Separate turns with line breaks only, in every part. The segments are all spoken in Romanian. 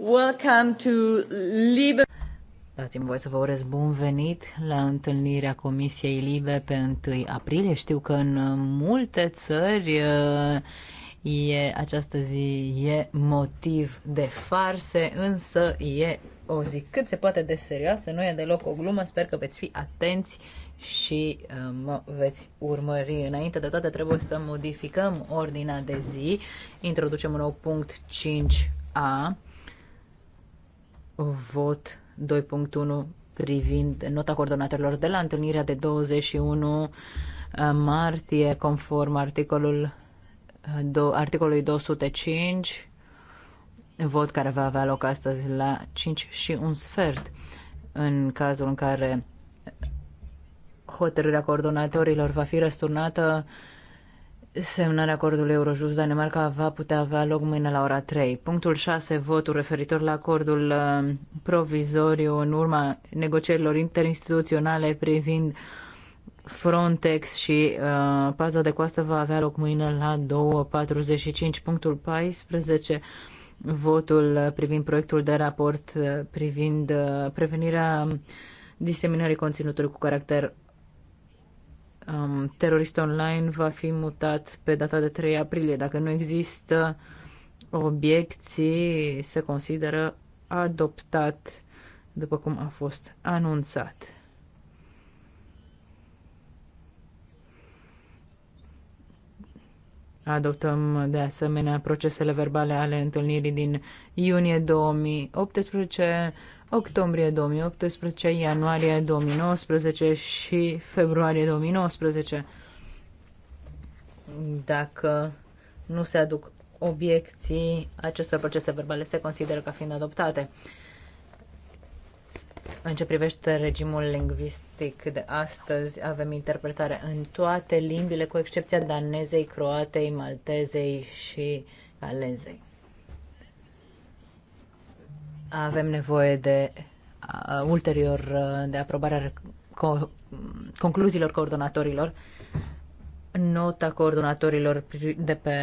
Welcome to Liber. Dați-mi să vă urez bun venit la întâlnirea Comisiei Libe pe 1 aprilie. Știu că în multe țări uh, e, această zi e motiv de farse, însă e o zi cât se poate de serioasă, nu e deloc o glumă, sper că veți fi atenți și uh, mă veți urmări. Înainte de toate trebuie să modificăm ordinea de zi, introducem un nou punct 5a, vot 2.1 privind nota coordonatorilor de la întâlnirea de 21 uh, martie, conform articolul, uh, do, articolului 205, vot care va avea loc astăzi la 5 și un sfert. În cazul în care hotărârea coordonatorilor va fi răsturnată, Semnarea acordului Eurojust Danemarca va putea avea loc mâine la ora 3. Punctul 6, votul referitor la acordul uh, provizoriu în urma negocierilor interinstituționale privind Frontex și uh, paza de coastă va avea loc mâine la 2.45. Punctul 14, votul privind proiectul de raport uh, privind uh, prevenirea diseminării conținutului cu caracter um, terorist online va fi mutat pe data de 3 aprilie. Dacă nu există obiecții, se consideră adoptat după cum a fost anunțat. Adoptăm de asemenea procesele verbale ale întâlnirii din iunie 2018 octombrie 2018, ianuarie 2019 și februarie 2019. Dacă nu se aduc obiecții, acestor procese verbale se consideră ca fiind adoptate. În ce privește regimul lingvistic de astăzi, avem interpretare în toate limbile, cu excepția danezei, croatei, maltezei și galezei. Avem nevoie de uh, ulterior uh, de aprobarea co- concluziilor coordonatorilor. Nota coordonatorilor de pe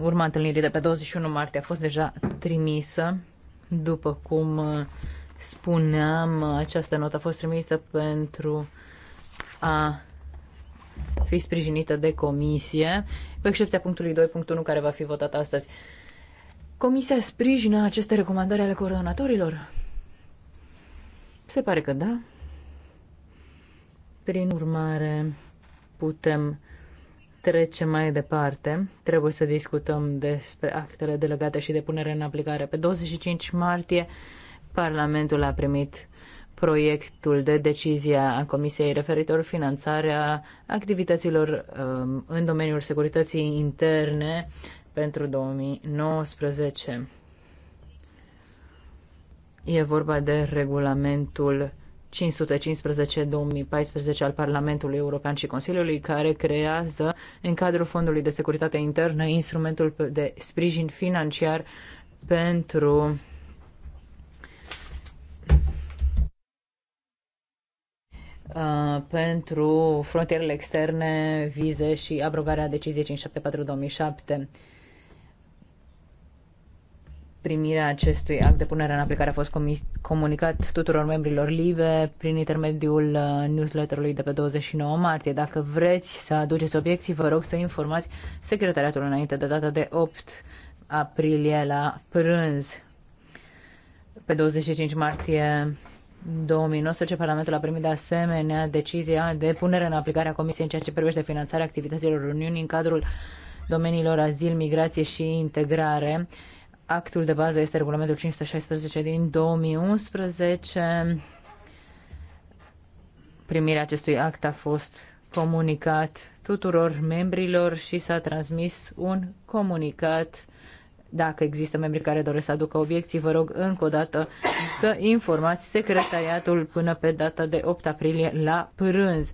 urma întâlnirii de pe 21 martie a fost deja trimisă. După cum uh, spuneam, această notă a fost trimisă pentru a fi sprijinită de comisie, cu excepția punctului 2.1 care va fi votat astăzi. Comisia sprijină aceste recomandări ale coordonatorilor? Se pare că da. Prin urmare, putem trece mai departe. Trebuie să discutăm despre actele delegate și de punere în aplicare. Pe 25 martie, Parlamentul a primit proiectul de decizie a Comisiei referitor finanțarea activităților um, în domeniul securității interne pentru 2019. E vorba de regulamentul 515-2014 al Parlamentului European și Consiliului, care creează, în cadrul Fondului de Securitate Internă, instrumentul de sprijin financiar pentru Uh, pentru frontierele externe, vize și abrogarea deciziei 574-2007 primirea acestui act de punere în aplicare a fost comunicat tuturor membrilor Live prin intermediul uh, newsletterului de pe 29 martie. Dacă vreți să aduceți obiecții, vă rog să informați secretariatul înainte de data de 8 aprilie la prânz. Pe 25 martie 2019, Parlamentul a primit de asemenea decizia de punere în aplicare a Comisiei în ceea ce privește finanțarea activităților Uniunii în cadrul domeniilor azil, migrație și integrare Actul de bază este regulamentul 516 din 2011. Primirea acestui act a fost comunicat tuturor membrilor și s-a transmis un comunicat. Dacă există membri care doresc să aducă obiecții, vă rog încă o dată să informați secretariatul până pe data de 8 aprilie la prânz.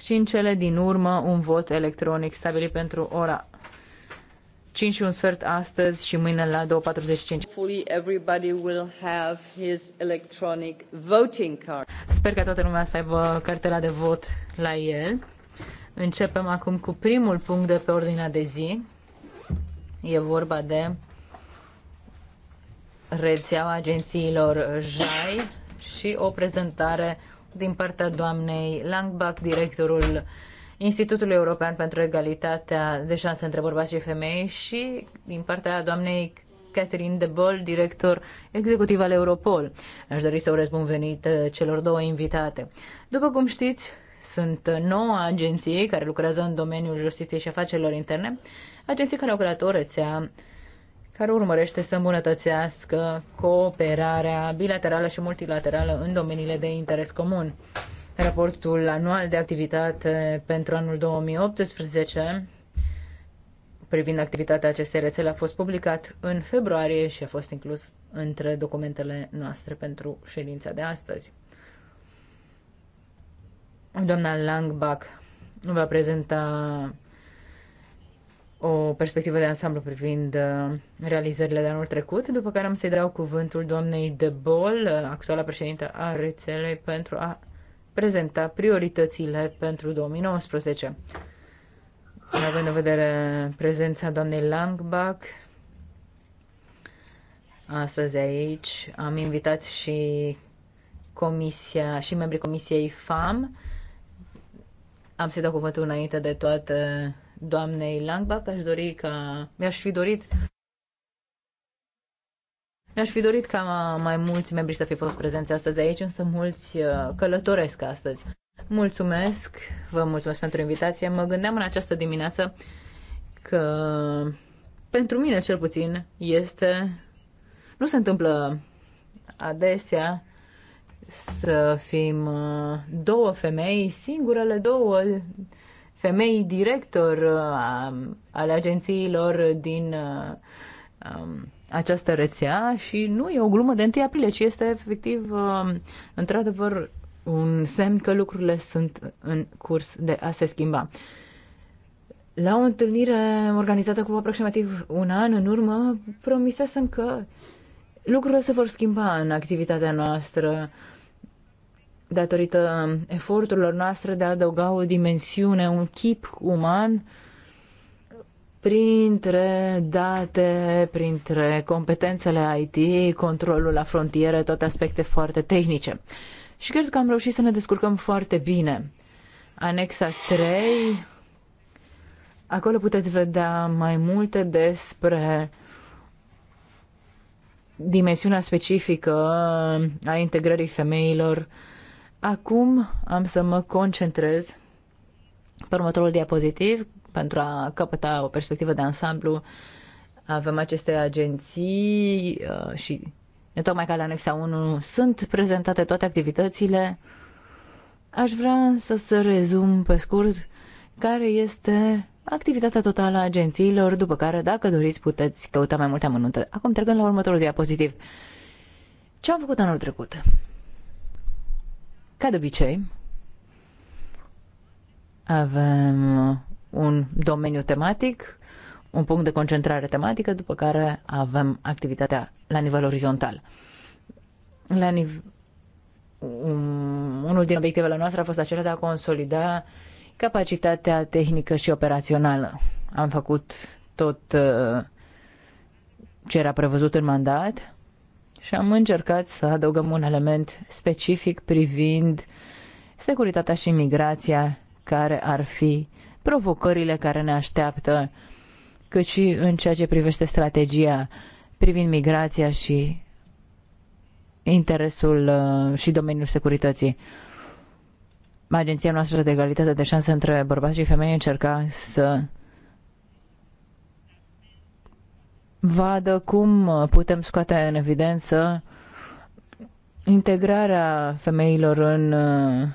Și în cele din urmă, un vot electronic stabilit pentru ora 5 și un sfert astăzi și mâine la 2.45. Sper că toată lumea să aibă cartela de vot la el. Începem acum cu primul punct de pe ordinea de zi. E vorba de rețeaua agențiilor JAI și o prezentare din partea doamnei Langbach, directorul Institutului European pentru Egalitatea de Șanse între Bărbați și Femei și din partea doamnei Catherine de Bol, director executiv al Europol. Aș dori să urez bun venit uh, celor două invitate. După cum știți, sunt uh, noua agenție care lucrează în domeniul justiției și afacerilor interne, agenție care au creat o rețea care urmărește să îmbunătățească cooperarea bilaterală și multilaterală în domeniile de interes comun raportul anual de activitate pentru anul 2018 privind activitatea acestei rețele a fost publicat în februarie și a fost inclus între documentele noastre pentru ședința de astăzi. Doamna Langbach va prezenta o perspectivă de ansamblu privind uh, realizările de anul trecut, după care am să-i dau cuvântul doamnei De Bol, uh, actuala președintă a rețelei, pentru a prezenta prioritățile pentru 2019. Având în vedere prezența doamnei Langbach, astăzi aici am invitat și comisia și membrii comisiei FAM. Am să dau cuvântul înainte de toate doamnei Langbach. Aș dori ca, mi-aș fi dorit mi-aș fi dorit ca mai mulți membri să fi fost prezenți astăzi aici, însă mulți uh, călătoresc astăzi. Mulțumesc, vă mulțumesc pentru invitație. Mă gândeam în această dimineață că pentru mine cel puțin este nu se întâmplă adesea să fim uh, două femei, singurele două femei director uh, ale agențiilor din um, această rețea și nu e o glumă de 1 aprilie, ci este efectiv, um, într-adevăr, un semn că lucrurile sunt în curs de a se schimba. La o întâlnire organizată cu aproximativ un an în urmă, promisesem că lucrurile se vor schimba în activitatea noastră datorită eforturilor noastre de a adăuga o dimensiune, un chip uman printre date, printre competențele IT, controlul la frontiere, toate aspecte foarte tehnice. Și cred că am reușit să ne descurcăm foarte bine. Anexa 3, acolo puteți vedea mai multe despre dimensiunea specifică a integrării femeilor. Acum am să mă concentrez pe următorul diapozitiv pentru a căpăta o perspectivă de ansamblu. Avem aceste agenții uh, și tocmai ca la anexa 1 sunt prezentate toate activitățile. Aș vrea însă să rezum pe scurt care este activitatea totală a agențiilor, după care, dacă doriți, puteți căuta mai multe amănunte. Acum, trecând la următorul diapozitiv. Ce am făcut anul trecut? Ca de obicei, avem un domeniu tematic, un punct de concentrare tematică, după care avem activitatea la nivel orizontal. La nive- un, unul din obiectivele noastre a fost acela de a consolida capacitatea tehnică și operațională. Am făcut tot uh, ce era prevăzut în mandat și am încercat să adăugăm un element specific privind securitatea și migrația care ar fi provocările care ne așteaptă, cât și în ceea ce privește strategia privind migrația și interesul uh, și domeniul securității. Agenția noastră de egalitate de șanse între bărbați și femei încerca să vadă cum putem scoate în evidență integrarea femeilor în uh,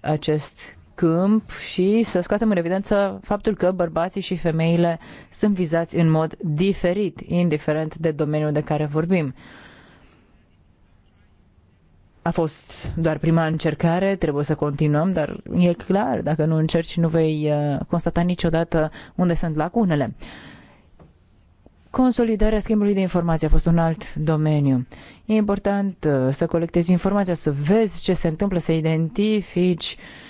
acest câmp și să scoatem în evidență faptul că bărbații și femeile sunt vizați în mod diferit, indiferent de domeniul de care vorbim. A fost doar prima încercare, trebuie să continuăm, dar e clar, dacă nu încerci, nu vei uh, constata niciodată unde sunt lacunele. Consolidarea schimbului de informații a fost un alt domeniu. E important uh, să colectezi informația, să vezi ce se întâmplă, să identifici uh,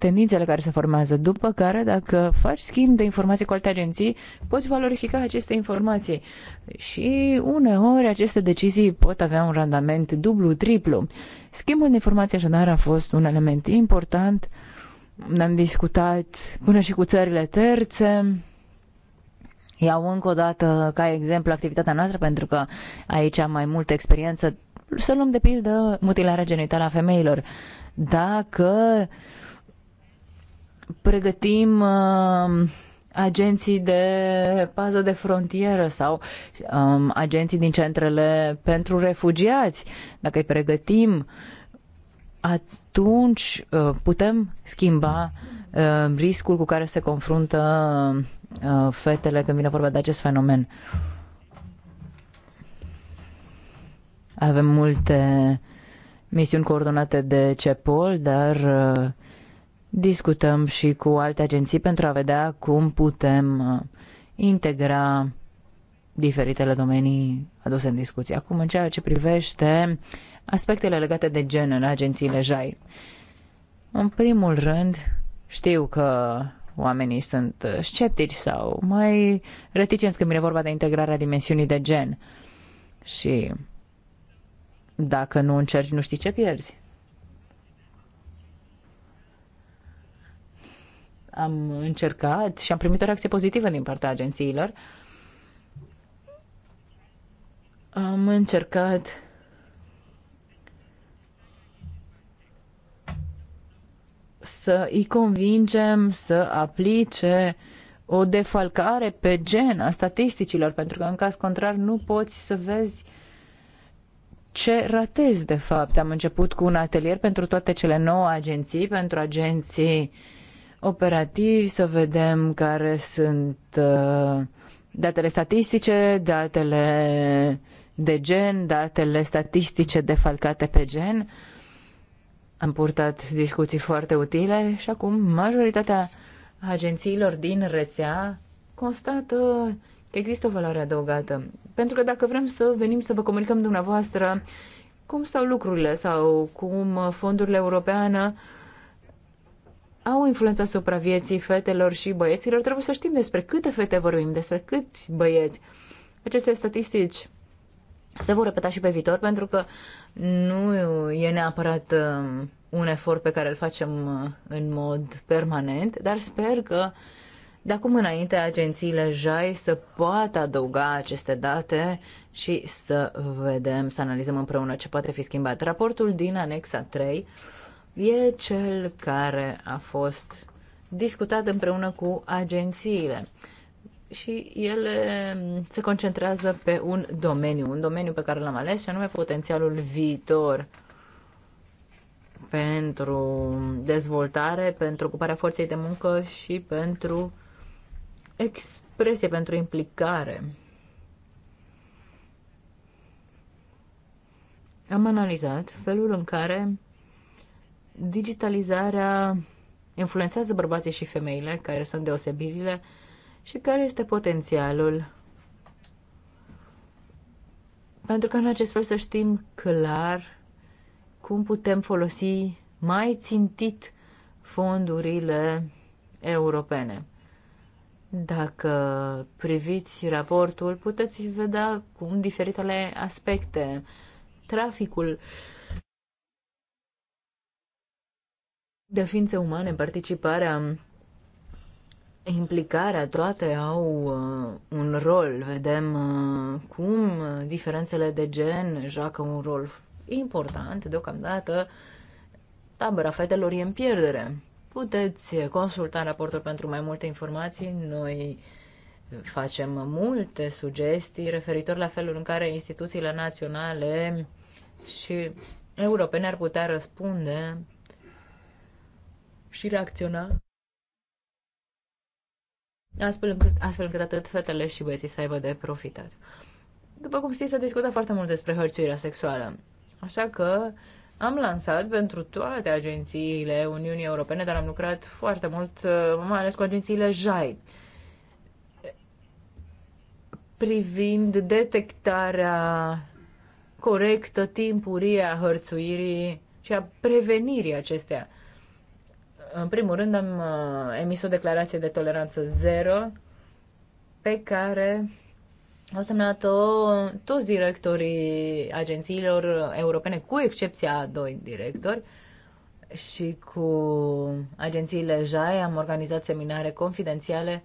tendințele care se formează, după care, dacă faci schimb de informații cu alte agenții, poți valorifica aceste informații. Și uneori aceste decizii pot avea un randament dublu, triplu. Schimbul de informații așadar a fost un element important. Ne-am discutat până și cu țările terțe. Iau încă o dată ca exemplu activitatea noastră pentru că aici am mai multă experiență. Să luăm de pildă mutilarea genitală a femeilor. Dacă uh, pregătim uh, agenții de pază de frontieră sau um, agenții din centrele pentru refugiați, dacă îi pregătim, atunci uh, putem schimba uh, riscul cu care se confruntă uh, fetele când vine vorba de acest fenomen. Avem multe misiuni coordonate de CEPOL, dar uh, discutăm și cu alte agenții pentru a vedea cum putem uh, integra diferitele domenii aduse în discuție. Acum, în ceea ce privește aspectele legate de gen în agențiile JAI. În primul rând, știu că oamenii sunt uh, sceptici sau mai reticenți când vine vorba de integrarea dimensiunii de gen. Și dacă nu încerci, nu știi ce pierzi. Am încercat și am primit o reacție pozitivă din partea agențiilor. Am încercat să îi convingem să aplice o defalcare pe gen a statisticilor, pentru că în caz contrar nu poți să vezi ce ratezi de fapt. Am început cu un atelier pentru toate cele nouă agenții, pentru agenții uh, operativi, să vedem care sunt uh, datele statistice, datele de gen, datele statistice defalcate pe gen. Am purtat discuții foarte utile și acum majoritatea agențiilor din rețea constată că există o valoare adăugată. Pentru că dacă vrem să venim să vă comunicăm dumneavoastră cum stau lucrurile sau cum fondurile europeană uh, au influența asupra vieții fetelor și băieților, trebuie să știm despre câte fete vorbim, despre câți băieți. Aceste statistici se vor repeta și pe viitor pentru că nu e neapărat um, un efort pe care îl facem uh, în mod permanent, dar sper că de acum înainte agențiile JAI să poată adăuga aceste date și să vedem, să analizăm împreună ce poate fi schimbat. Raportul din anexa 3 e cel care a fost discutat împreună cu agențiile și ele se concentrează pe un domeniu, un domeniu pe care l-am ales și anume potențialul viitor pentru dezvoltare, pentru ocuparea forței de muncă și pentru expresie, pentru implicare. Am analizat felul în care digitalizarea influențează bărbații și femeile, care sunt deosebirile, și care este potențialul. Pentru că în acest fel să știm clar cum putem folosi mai țintit fondurile europene. Dacă priviți raportul, puteți vedea cum diferitele aspecte, traficul, uh, de ființe umane, participarea, implicarea, toate au uh, un rol. Vedem uh, cum diferențele de gen joacă un rol important. Deocamdată, tabăra fetelor e în pierdere. Puteți consulta raportul pentru mai multe informații. Noi facem multe sugestii referitor la felul în care instituțiile naționale și europene ar putea răspunde și reacționa astfel încât, astfel încât atât fetele și băieții să aibă de profitat. După cum știți, s-a discutat foarte mult despre hărțuirea sexuală, așa că am lansat pentru toate agențiile Uniunii Europene, dar am lucrat foarte mult, uh, mai ales cu agențiile JAI, privind detectarea corectă, timpurie a hărțuirii și a prevenirii acesteia. În primul rând am uh, emis o declarație de toleranță zero pe care au semnat-o toți directorii agențiilor europene, cu excepția a doi directori, și cu agențiile JAI am organizat seminare confidențiale.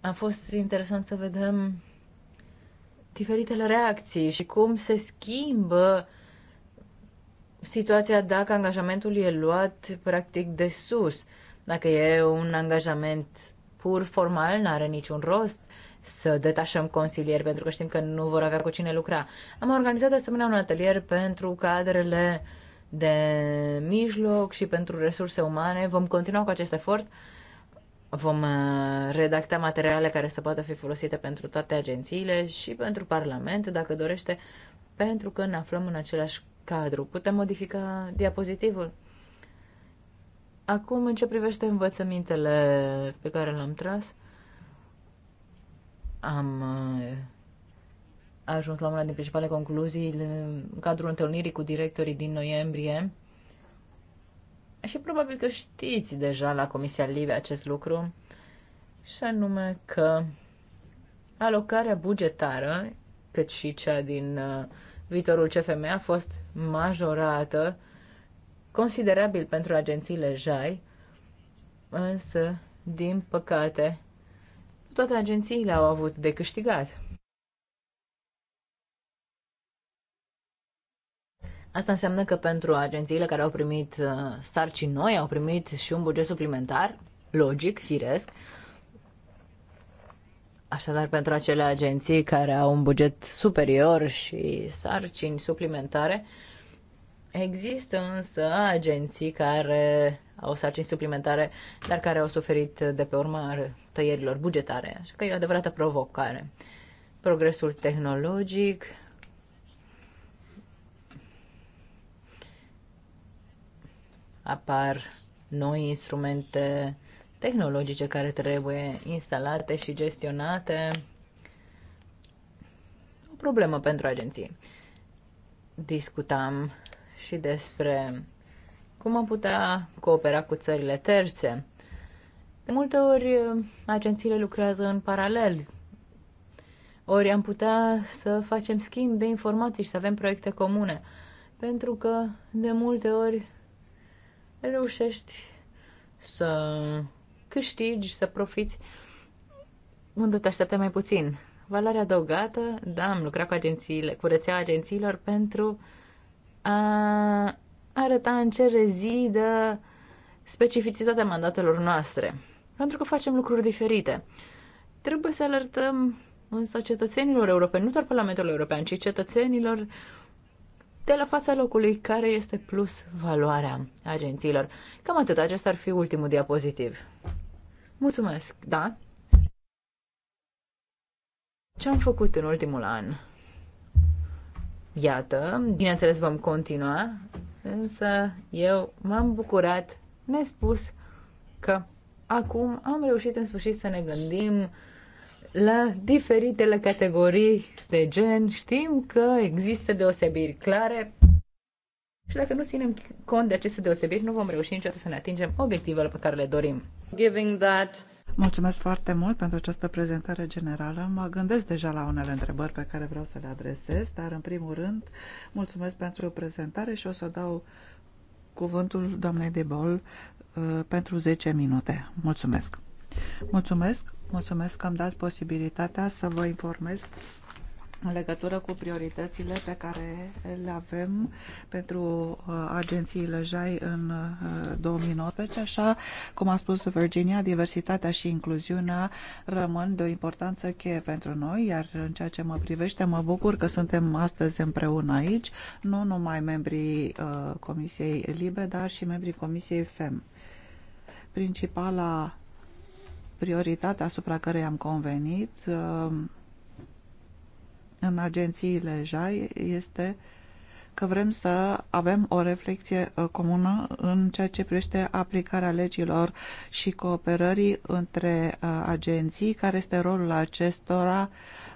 A fost interesant să vedem diferitele reacții și cum se schimbă uh, situația dacă angajamentul e luat practic de sus. Dacă e un angajament pur formal, nu are niciun rost să detașăm consilieri pentru că știm că nu vor avea cu cine lucra. Am organizat de asemenea un atelier pentru cadrele de mijloc și pentru resurse umane. Vom continua cu acest efort. Vom uh, redacta materiale care să poată fi folosite pentru toate agențiile și pentru Parlament, dacă dorește, pentru că ne aflăm în același cadru. Putem modifica diapozitivul? Acum, în ce privește învățămintele pe care le-am tras, am eh, ajuns la una din principale concluzii în cadrul întâlnirii cu directorii din noiembrie. Și probabil că știți deja la Comisia live acest lucru, și anume că alocarea bugetară, cât și cea din uh, viitorul CFM a fost majorată considerabil pentru agențiile JAI, însă, din păcate, toate agențiile au avut de câștigat. Asta înseamnă că pentru agențiile care au primit uh, sarcini noi, au primit și un buget suplimentar, logic, firesc, Așadar, pentru acele agenții care au un buget superior și sarcini suplimentare, există însă agenții care au sarcini suplimentare, dar care au suferit de pe urma tăierilor bugetare. Așa că e o adevărată provocare. Progresul tehnologic, apar noi instrumente tehnologice care trebuie instalate și gestionate. O problemă pentru agenții. Discutam și despre cum am putea coopera cu țările terțe. De multe ori, agențiile lucrează în paralel. Ori am putea să facem schimb de informații și să avem proiecte comune. Pentru că, de multe ori, reușești să câștigi, să profiți unde te aștepte mai puțin. Valoarea adăugată, da, am lucrat cu agențiile, cu rețeaua agențiilor pentru a arăta în ce rezidă specificitatea mandatelor noastre. Pentru că facem lucruri diferite. Trebuie să alertăm însă cetățenilor europeni, nu doar Parlamentul European, ci cetățenilor de la fața locului care este plus valoarea agențiilor. Cam atât, acesta ar fi ultimul diapozitiv. Mulțumesc, da. Ce am făcut în ultimul an? Iată, bineînțeles vom continua, însă eu m-am bucurat nespus că acum am reușit în sfârșit să ne gândim la diferitele categorii de gen. Știm că există deosebiri clare și dacă nu ținem cont de aceste deosebiri, nu vom reuși niciodată să ne atingem obiectivele pe
care le dorim. Mulțumesc foarte mult pentru această prezentare generală. Mă gândesc deja la unele întrebări pe care vreau să le adresez, dar în primul rând mulțumesc pentru prezentare și o să dau cuvântul doamnei de bol uh, pentru 10 minute. Mulțumesc! Mulțumesc! Mulțumesc că am dat posibilitatea să vă informez în legătură cu prioritățile pe care le avem pentru uh, agențiile JAI în 2019, uh, așa cum a spus Virginia, diversitatea și incluziunea rămân de o importanță cheie pentru noi, iar în ceea ce mă privește, mă bucur că suntem astăzi împreună aici, nu numai membrii uh, Comisiei Libe, dar și membrii Comisiei FEM. Principala prioritate asupra cărei am convenit în agențiile JAI este că vrem să avem o reflexie uh, comună în ceea ce privește aplicarea legilor și cooperării între uh, agenții, care este rolul acestora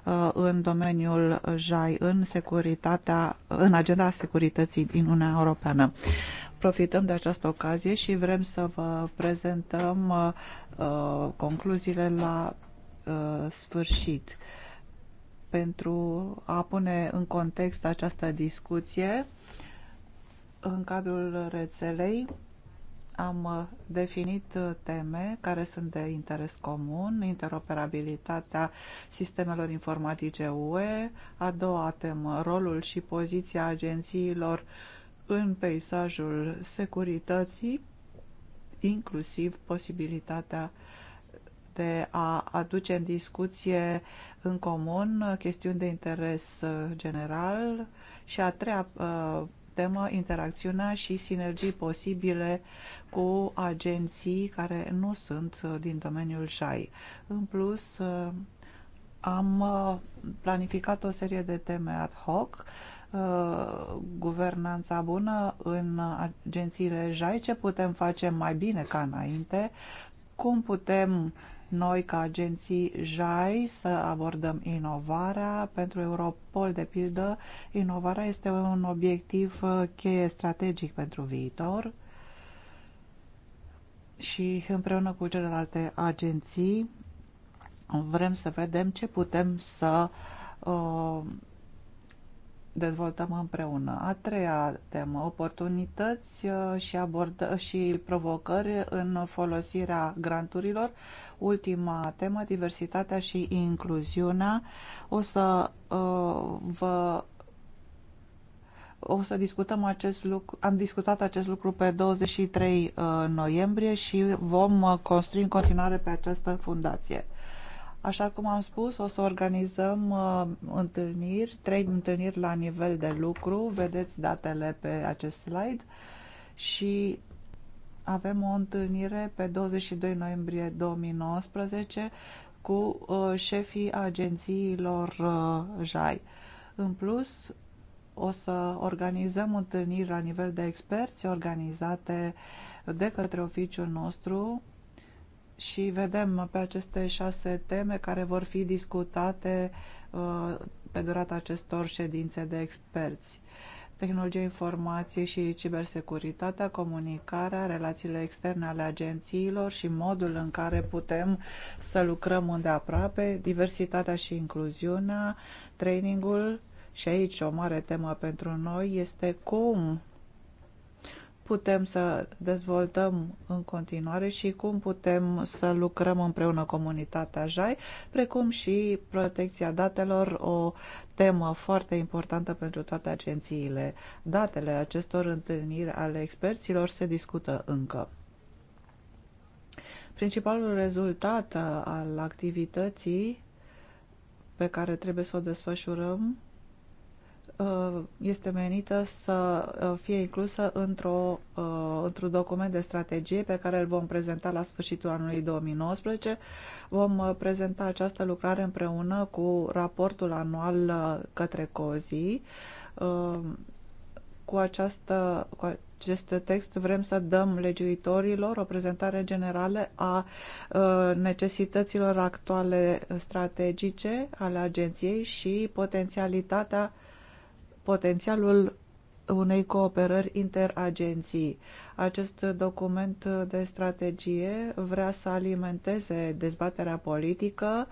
uh, în domeniul JAI, în, securitatea, în agenda securității din Uniunea Europeană. Profităm de această ocazie și vrem să vă prezentăm concluziile la sfârșit pentru a pune în context această discuție. În cadrul rețelei am definit teme care sunt de interes comun, interoperabilitatea sistemelor informatice UE, a doua temă, rolul și poziția agențiilor în peisajul securității, inclusiv posibilitatea uh, de a aduce în discuție în comun chestiuni de interes uh, general și a treia uh, temă, interacțiunea și sinergii posibile cu agenții care nu sunt uh, din domeniul JAI. În plus, am planificat o serie de teme ad hoc, guvernanța bună în agențiile JAI, ce putem face mai bine ca înainte, cum putem noi, ca agenții JAI, să abordăm inovarea. Pentru Europol, de pildă, inovarea este un obiectiv uh, cheie strategic pentru viitor și împreună cu celelalte agenții vrem să vedem ce putem să uh, dezvoltăm împreună. A treia temă, oportunități uh, și, abordă, și provocări în folosirea granturilor. Ultima temă, diversitatea și incluziunea. O să uh, vă o să discutăm acest lucru, am discutat acest lucru pe 23 uh, noiembrie și vom uh, construi în continuare pe această fundație. Așa cum am spus, o să organizăm uh, întâlniri, trei întâlniri la nivel de lucru, vedeți datele pe acest slide și avem o întâlnire pe 22 noiembrie 2019 cu uh, șefii agențiilor uh, JAI. În plus, o să organizăm întâlniri la nivel de experți organizate de către oficiul nostru și vedem pe aceste șase teme care vor fi discutate uh, pe durata acestor ședințe de experți. Tehnologia informației și cibersecuritatea, comunicarea, relațiile externe ale agențiilor și modul în care putem să lucrăm îndeaproape, diversitatea și incluziunea, trainingul, și aici o mare temă pentru noi este cum putem să dezvoltăm în continuare și cum putem să lucrăm împreună comunitatea JAI, precum și protecția datelor, o temă foarte importantă pentru toate agențiile. Datele acestor întâlniri ale experților se discută încă. Principalul rezultat al activității pe care trebuie să o desfășurăm Uh, este menită să uh, fie inclusă într-o, uh, într-un document de strategie pe care îl vom prezenta la sfârșitul anului 2019. Vom prezenta această lucrare împreună cu raportul anual către COZI. Cu, această, cu acest text vrem să dăm legiuitorilor o prezentare generală a necesităților actuale strategice ale agenției și potențialitatea potențialul unei cooperări interagenții. Acest document de strategie vrea să alimenteze dezbaterea politică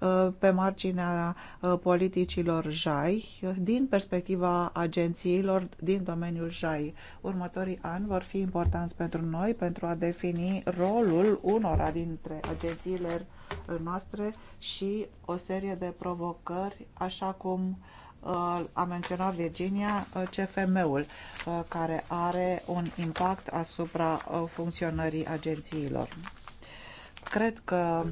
uh, pe marginea uh, politicilor JAI din perspectiva agențiilor din domeniul JAI. Următorii ani vor fi importanți pentru noi pentru a defini rolul unora dintre agențiile noastre și o serie de provocări, așa cum uh, Uh, a menționat Virginia uh, CFM-ul, uh, care are un impact asupra funcționării agențiilor. Cred că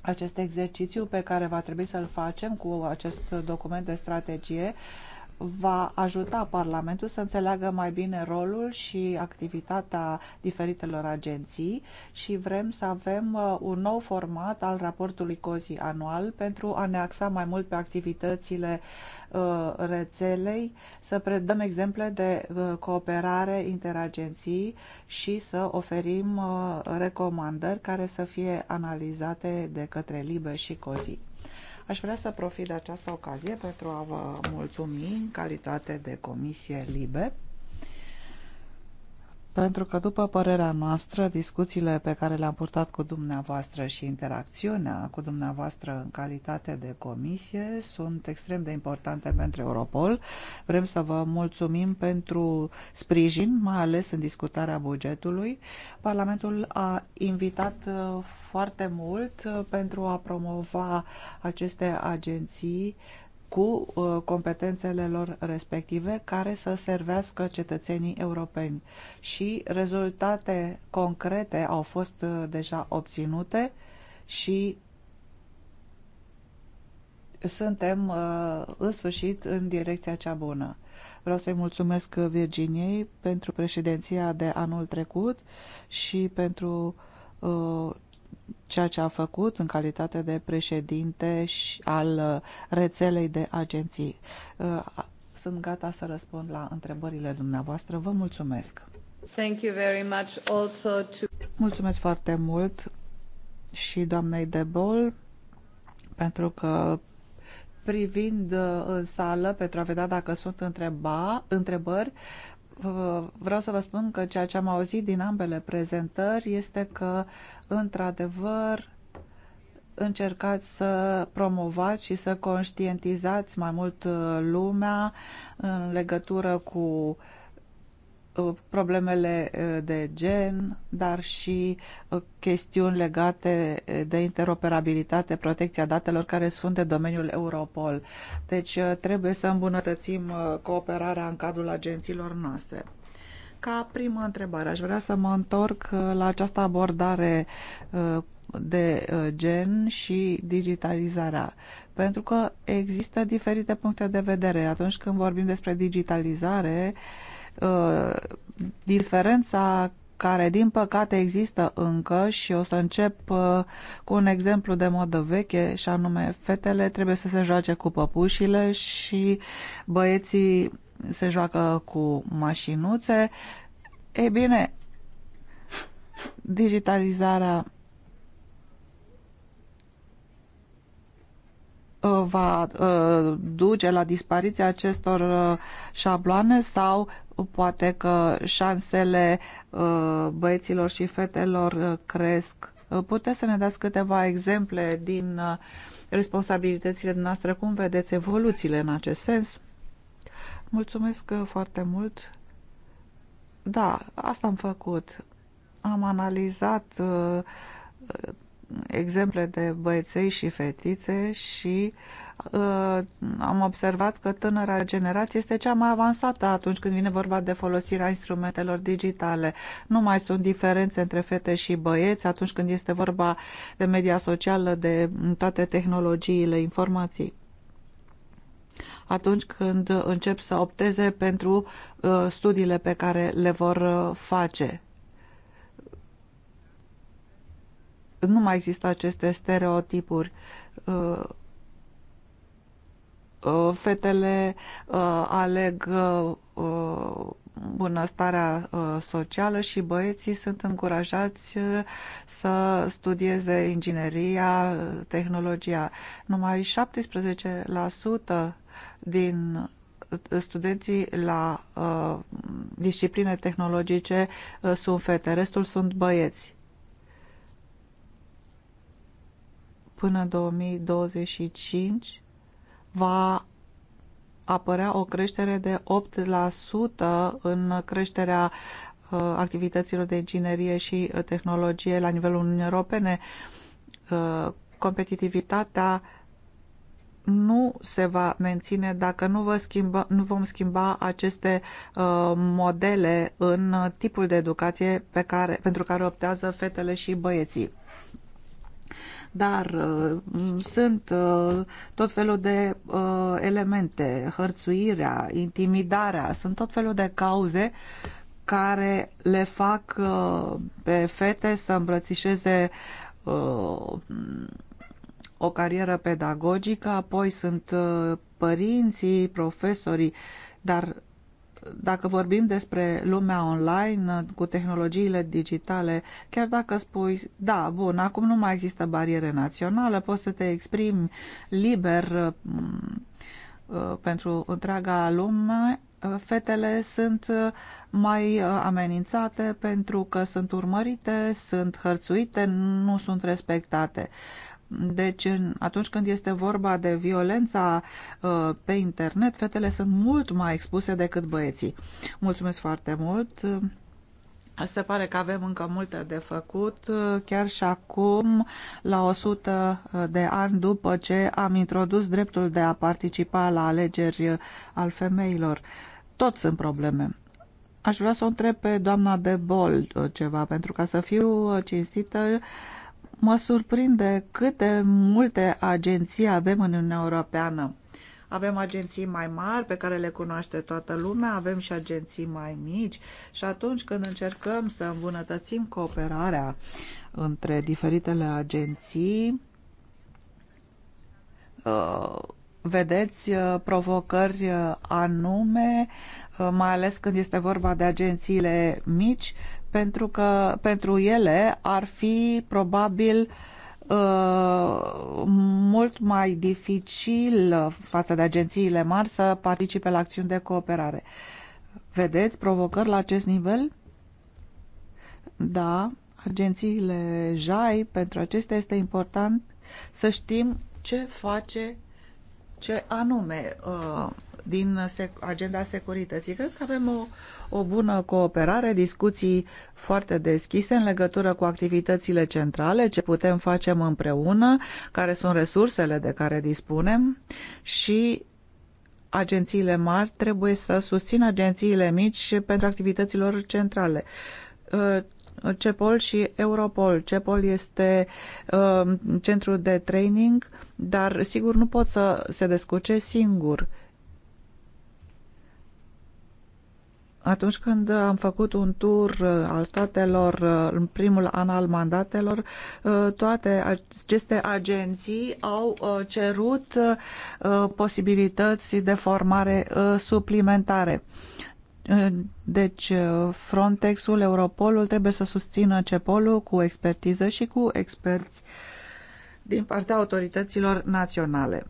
acest exercițiu pe care va trebui să-l facem cu acest document de strategie uh, va ajuta Parlamentul să înțeleagă mai bine rolul și activitatea diferitelor agenții și vrem să avem uh, un nou format al raportului COZI anual pentru a ne axa mai mult pe activitățile uh, rețelei, să predăm exemple de uh, cooperare interagenții și să oferim recomandări care să fie analizate de către LIBE și COZI. Aș vrea să profit de această ocazie pentru a vă mulțumi în calitate de Comisie Libe pentru că, după părerea noastră, discuțiile pe care le-am purtat cu dumneavoastră și interacțiunea cu dumneavoastră în calitate de comisie sunt extrem de importante pentru Europol. Vrem să vă mulțumim pentru sprijin, mai ales în discutarea bugetului. Parlamentul a invitat uh, foarte mult uh, pentru a promova aceste agenții uh, cu uh, competențele lor respective care să servească cetățenii europeni. Și rezultate concrete au fost uh, deja obținute și suntem uh, în sfârșit în direcția cea bună. Vreau să-i mulțumesc Virginiei pentru președinția de anul trecut și pentru ceea ce a făcut în calitate de președinte și al uh, rețelei de agenții. Uh, sunt gata să răspund la întrebările dumneavoastră. Vă mulțumesc! Thank you very much also to... Mulțumesc foarte mult și doamnei de bol pentru că privind uh, în sală pentru a vedea dacă sunt întreba, întrebări, vreau să vă spun că ceea ce am auzit din ambele prezentări este că, într-adevăr, încercați să promovați și să conștientizați mai mult uh, lumea în legătură cu uh, Uh, problemele uh, de gen, dar și uh, chestiuni legate de interoperabilitate, protecția datelor care sunt de domeniul Europol. Deci trebuie să îmbunătățim cooperarea în cadrul agențiilor noastre. Ca primă întrebare, aș vrea să mă întorc la această abordare de gen și digitalizarea. Pentru că există diferite puncte de vedere. Atunci când vorbim despre digitalizare, Uh, diferența care, din păcate, există încă și o să încep uh, cu un exemplu de modă veche și anume fetele trebuie să se joace cu păpușile și băieții se joacă cu mașinuțe. Ei bine, digitalizarea uh, va uh, duce la dispariția acestor uh, șabloane sau poate că șansele uh, băieților și fetelor uh, cresc. Uh, puteți să ne dați câteva exemple din responsabilitățile noastre? Cum vedeți evoluțiile în acest sens? Mulțumesc foarte mult. Da, asta am făcut. Am analizat uh, exemple de băieței și fetițe și Uh, am observat că tânăra generație este cea mai avansată atunci când vine vorba de folosirea instrumentelor digitale. Nu mai sunt diferențe între fete și băieți atunci când este vorba de media socială, de toate tehnologiile informației atunci când încep să opteze pentru uh, studiile pe care le vor uh, face. Nu mai există aceste stereotipuri. Uh, Uh, fetele uh, aleg uh, bunăstarea socială și băieții sunt încurajați să studieze ingineria, tehnologia. Numai 17% din studenții la uh, discipline tehnologice uh, sunt fete, restul sunt băieți. Până 2025 va apărea o creștere de 8% în creșterea uh, activităților de inginerie și uh, tehnologie la nivelul Uniunii Europene. Uh, competitivitatea nu se va menține dacă nu, vă schimbă, nu vom schimba aceste modele în tipul de educație pe care, pentru care optează fetele și băieții dar uh, sunt uh, tot felul de uh, elemente, hărțuirea, intimidarea, sunt tot felul de cauze care le fac pe fete să îmbrățișeze o carieră pedagogică, apoi sunt părinții, profesorii, dar dacă vorbim despre lumea online cu tehnologiile digitale, chiar dacă spui, da, bun, acum nu mai există bariere națională, poți să te exprimi liber uh, uh, pentru întreaga lume, uh, fetele sunt mai amenințate pentru că sunt urmărite, sunt hărțuite, nu sunt respectate. Deci, atunci când este vorba de violența uh, pe internet, fetele sunt mult mai expuse decât băieții. Mulțumesc foarte mult! Se pare că avem încă multe de făcut, uh, chiar și acum, la 100 uh, de ani după ce am introdus dreptul de a participa la alegeri al femeilor. Tot sunt probleme. Aș vrea să o întreb pe doamna de Bol ceva, pentru ca să fiu cinstită, Mă surprinde câte multe agenții avem în Uniunea Europeană. Avem agenții mai mari pe care le cunoaște toată lumea, avem și agenții mai mici și atunci când încercăm să îmbunătățim cooperarea între diferitele agenții, uh, vedeți uh, provocări uh, anume, mai ales când este vorba de agențiile mici pentru că pentru ele ar fi probabil uh, mult mai dificil față de agențiile mari să participe la acțiuni de cooperare. Vedeți provocări la acest nivel? Da, agențiile JAI, pentru acestea este important să știm ce face, ce anume uh, din agenda securității. Cred că avem o o bună cooperare, discuții foarte deschise în legătură cu activitățile centrale, ce putem face împreună, care sunt resursele de care dispunem și agențiile mari trebuie să susțină agențiile mici pentru activităților centrale. Uh, CEPOL și Europol. CEPOL este uh, centru de training, dar sigur nu pot să se descurce singur. Atunci când am făcut un tur uh, al statelor uh, în primul an al mandatelor, uh, toate aceste agenții au cerut posibilități de formare suplimentare. Deci Frontexul, Europolul trebuie să susțină cepol cu expertiză și cu experți din partea autorităților naționale.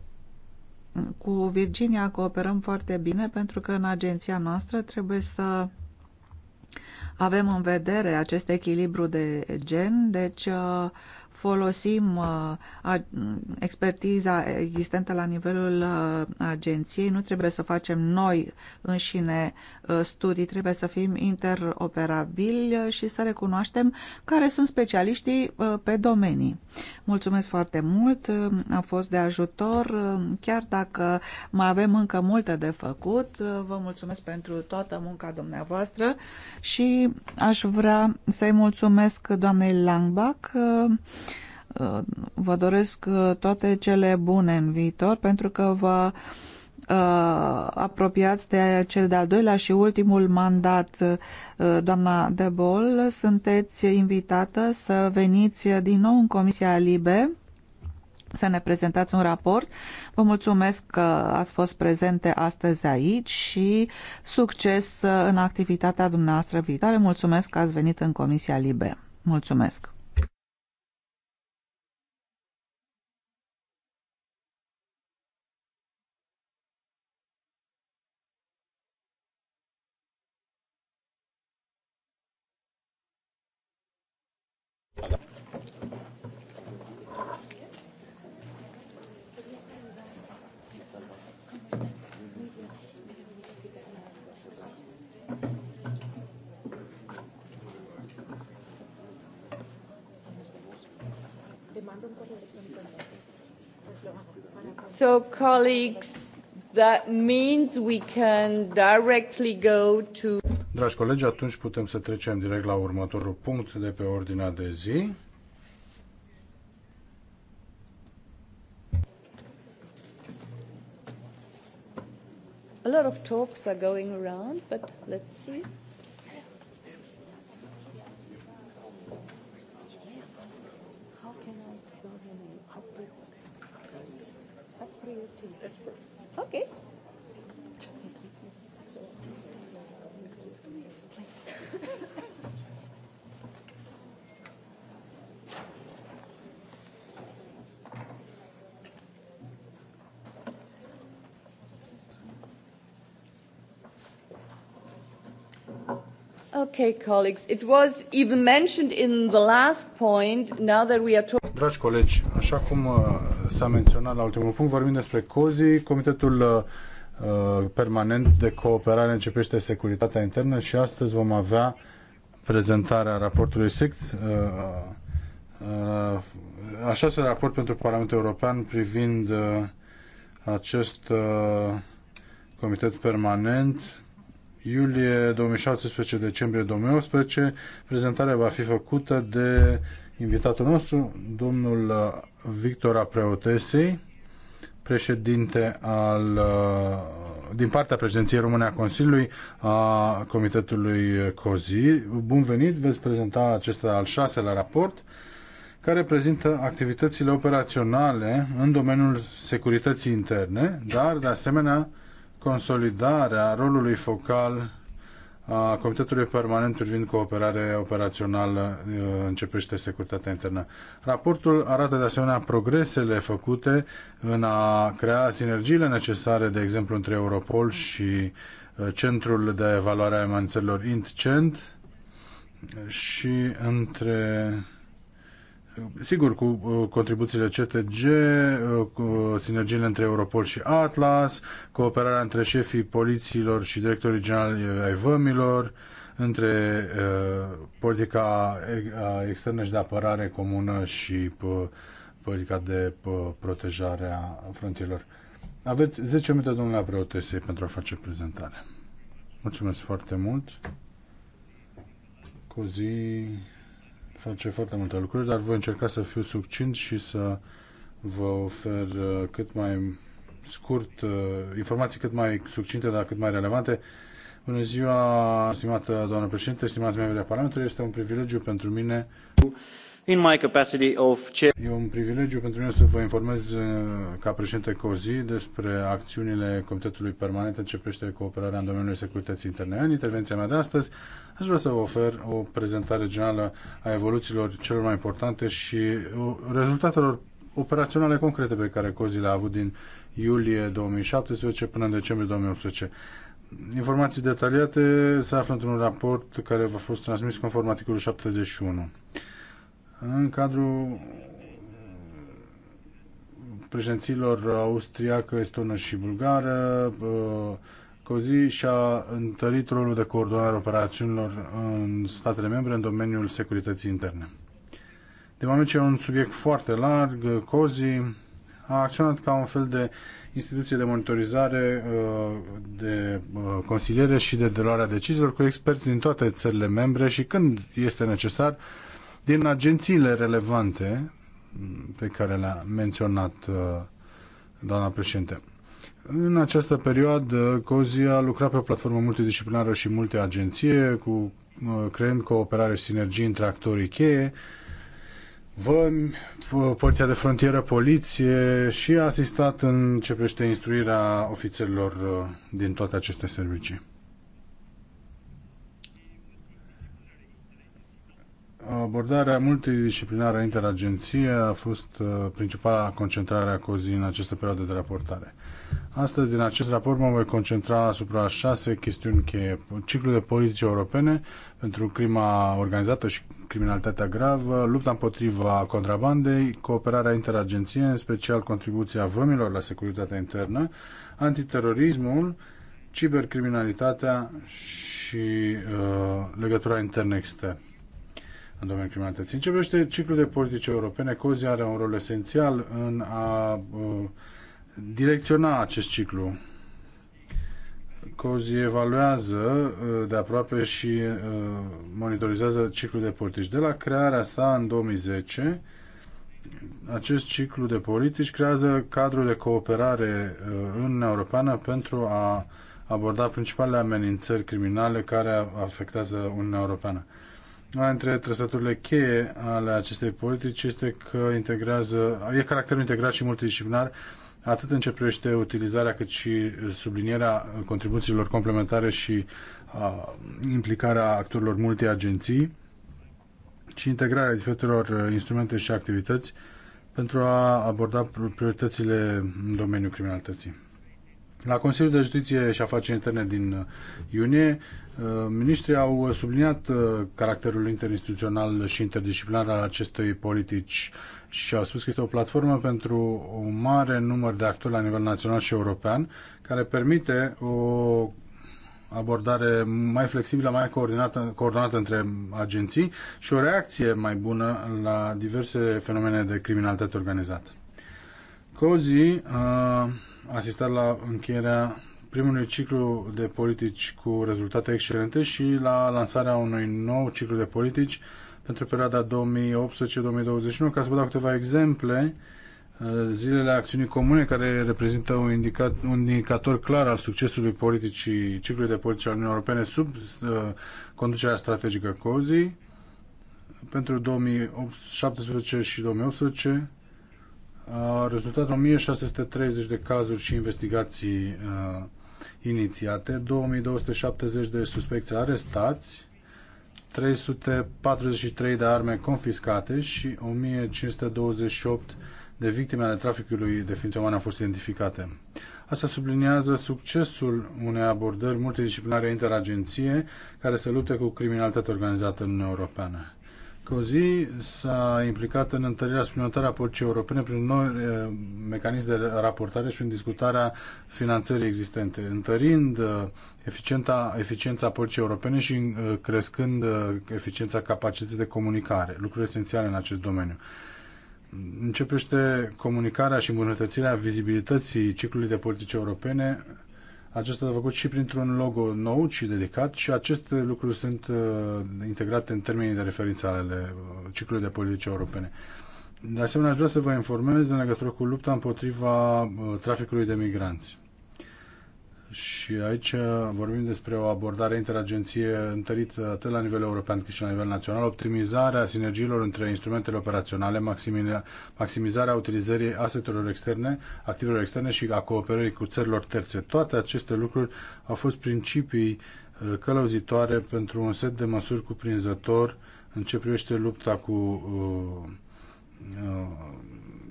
Cu Virginia cooperăm foarte bine pentru că în agenția noastră trebuie să avem în vedere acest echilibru de gen, deci uh, folosim uh, mm, expertiza existentă la nivelul uh, agenției, nu trebuie să facem noi înșine uh, studii, trebuie să fim interoperabili și să recunoaștem care sunt specialiștii pe domenii. Mulțumesc foarte mult, a fost de ajutor, chiar dacă mai avem încă multe de făcut, vă mulțumesc pentru toată munca dumneavoastră și aș vrea să-i mulțumesc doamnei Langbach Vă doresc uh, toate cele bune în viitor pentru că vă uh, apropiați de cel de-al doilea și ultimul mandat, uh, doamna De Bol. Sunteți invitată să veniți din nou în Comisia Libe să ne prezentați un raport. Vă mulțumesc că ați fost prezente astăzi aici și succes în activitatea dumneavoastră viitoare. Mulțumesc că ați venit în Comisia Libe. Mulțumesc!
So, colleagues, that means we can directly go to...
Dragi colegi, atunci putem să trecem direct la următorul punct de pe ordinea de zi.
A lot of talks are going around,
but let's see.
Okay.
Okay, colleagues, it was even mentioned in the last point, now that we are talking...
Dragi colegi, așa cum uh, s-a menționat la ultimul punct, vorbim despre COZI, Comitetul uh, Permanent de Cooperare începește securitatea internă și astăzi vom avea prezentarea raportului SECT, uh, uh, așa se raport pentru Parlamentul European privind uh, acest uh, comitet permanent iulie 2016 decembrie 2018 prezentarea va fi făcută de invitatul nostru domnul uh, Victora Preotesei, președinte al, uh, din partea președinției române a Consiliului a Comitetului COZI. Bun venit, veți prezenta acesta al șaselea raport care prezintă activitățile operaționale în domeniul securității interne, dar de asemenea consolidarea rolului focal a Comitetului Permanent privind cooperare operațională începește securitatea internă. Raportul arată de asemenea progresele făcute în a crea sinergiile necesare, de exemplu, între Europol și Centrul de Evaluare a Amenințărilor INTCENT și între sigur, cu uh, contribuțiile CTG, uh, cu sinergiile între Europol și Atlas, cooperarea între șefii polițiilor și directorii generali ai vămilor, între uh, politica externă și de apărare comună și uh, politica de protejare a frontierelor. Aveți 10 minute, domnule Apreotesei, pentru a face prezentarea. Mulțumesc foarte mult. Cozii face foarte multe lucruri, dar voi încerca să fiu succint și să vă ofer uh, cât mai scurt, uh, informații cât mai succinte, dar cât mai relevante. Bună ziua, stimată doamnă președinte, stimați membrii Parlamentului, este un privilegiu pentru mine în my capacity un privilegiu pentru mine să vă informez uh, ca președinte COZI despre acțiunile Comitetului Permanent în ce privește cooperarea în domeniul securității interne. În intervenția mea de astăzi aș vrea să vă ofer o prezentare generală a evoluțiilor celor mai importante și uh, rezultatelor operaționale concrete pe care COZI le-a avut din iulie 2017 până în decembrie 2018. Informații detaliate se află într-un raport care v-a fost transmis conform articolul 71 în cadrul președinților austriacă, estonă și bulgară, uh, COZI și-a întărit rolul de coordonare operațiunilor în statele membre în domeniul securității interne. De moment ce e un subiect foarte larg, COZI a acționat ca un fel de instituție de monitorizare, uh, de uh, consiliere și de deluarea deciziilor cu experți din toate țările membre și când este necesar, din agențiile relevante mm, pe care le-a menționat uh, doamna președinte. În această perioadă, COZI a lucrat pe o platformă multidisciplinară și multe agenții, cu, uh, creând cooperare și sinergii între actorii cheie, vă poliția de frontieră, poliție și a asistat în ce privește instruirea ofițerilor uh, din toate aceste servicii. Abordarea multidisciplinară interagenție a fost uh, principala concentrare a COZI în această perioadă de raportare. Astăzi, din acest raport, mă voi concentra asupra șase chestiuni cheie. Ciclul de politici europene pentru crima organizată și criminalitatea gravă, lupta împotriva contrabandei, cooperarea interagenție, în special contribuția vămilor la securitatea internă, antiterorismul, cibercriminalitatea și uh, legătura internă-externă în domeniul criminalității. În ce privește ciclul de politici europene, COZI are un rol esențial în a uh, direcționa acest ciclu. COZI evaluează uh, de aproape și uh, monitorizează ciclul de politici. De la crearea sa în 2010, acest ciclu de politici creează cadrul de cooperare în Uniunea Europeană pentru a aborda principalele amenințări criminale care afectează Uniunea Europeană. Una dintre trăsăturile cheie ale acestei politici este că integrează, e caracterul integrat și multidisciplinar, atât în ce privește utilizarea, cât și sublinierea contribuțiilor complementare și a, implicarea actorilor multiagenții ci integrarea diferitelor uh, instrumente și activități pentru a aborda prioritățile în domeniul criminalității. La Consiliul de Justiție și Afaceri Interne din uh, iunie Uh, ministrii au subliniat uh, caracterul interinstituțional și interdisciplinar al acestei politici și au spus că este o platformă pentru un mare număr de actori la nivel național și european care permite o abordare mai flexibilă, mai coordonată, coordonată între agenții și o reacție mai bună la diverse fenomene de criminalitate organizată. COZI a asistat la încheierea primului ciclu de politici cu rezultate excelente și la lansarea unui nou ciclu de politici pentru perioada 2018-2021. Ca să vă dau câteva exemple, uh, zilele acțiunii comune, care reprezintă un, indicat, un indicator clar al succesului politicii, ciclului de politici al Uniunii Europene sub uh, conducerea strategică COZI, pentru 2017 și 2018 a rezultat 1630 de cazuri și investigații uh, inițiate, 2270 de suspecți arestați, 343 de arme confiscate și 1528 de victime ale traficului de ființe umane au fost identificate. Asta subliniază succesul unei abordări multidisciplinare interagenție care se lupte cu criminalitatea organizată în Uniunea Europeană. Cozi s-a implicat în întărirea suplimentară a politicii europene prin noi eh, mecanism de raportare și în discutarea finanțării existente, întărind eh, eficienta, eficiența politicii europene și eh, crescând eficiența capacității de comunicare, lucruri esențiale în acest domeniu. Începește comunicarea și îmbunătățirea vizibilității ciclului de politici europene acesta s-a făcut și printr-un logo nou și dedicat și aceste lucruri sunt uh, integrate în termenii de referință ale uh, ciclului de politici europene. De asemenea, aș vrea să vă informez în legătură cu lupta împotriva uh, traficului de migranți. Și aici vorbim despre o abordare interagenție întărită atât la nivel european cât și la nivel național, optimizarea sinergiilor între instrumentele operaționale, maximizarea utilizării asetelor externe, activelor externe și a cooperării cu țărilor terțe. Toate aceste lucruri au fost principii uh, călăuzitoare pentru un set de măsuri cuprinzător în ce privește lupta cu uh, uh,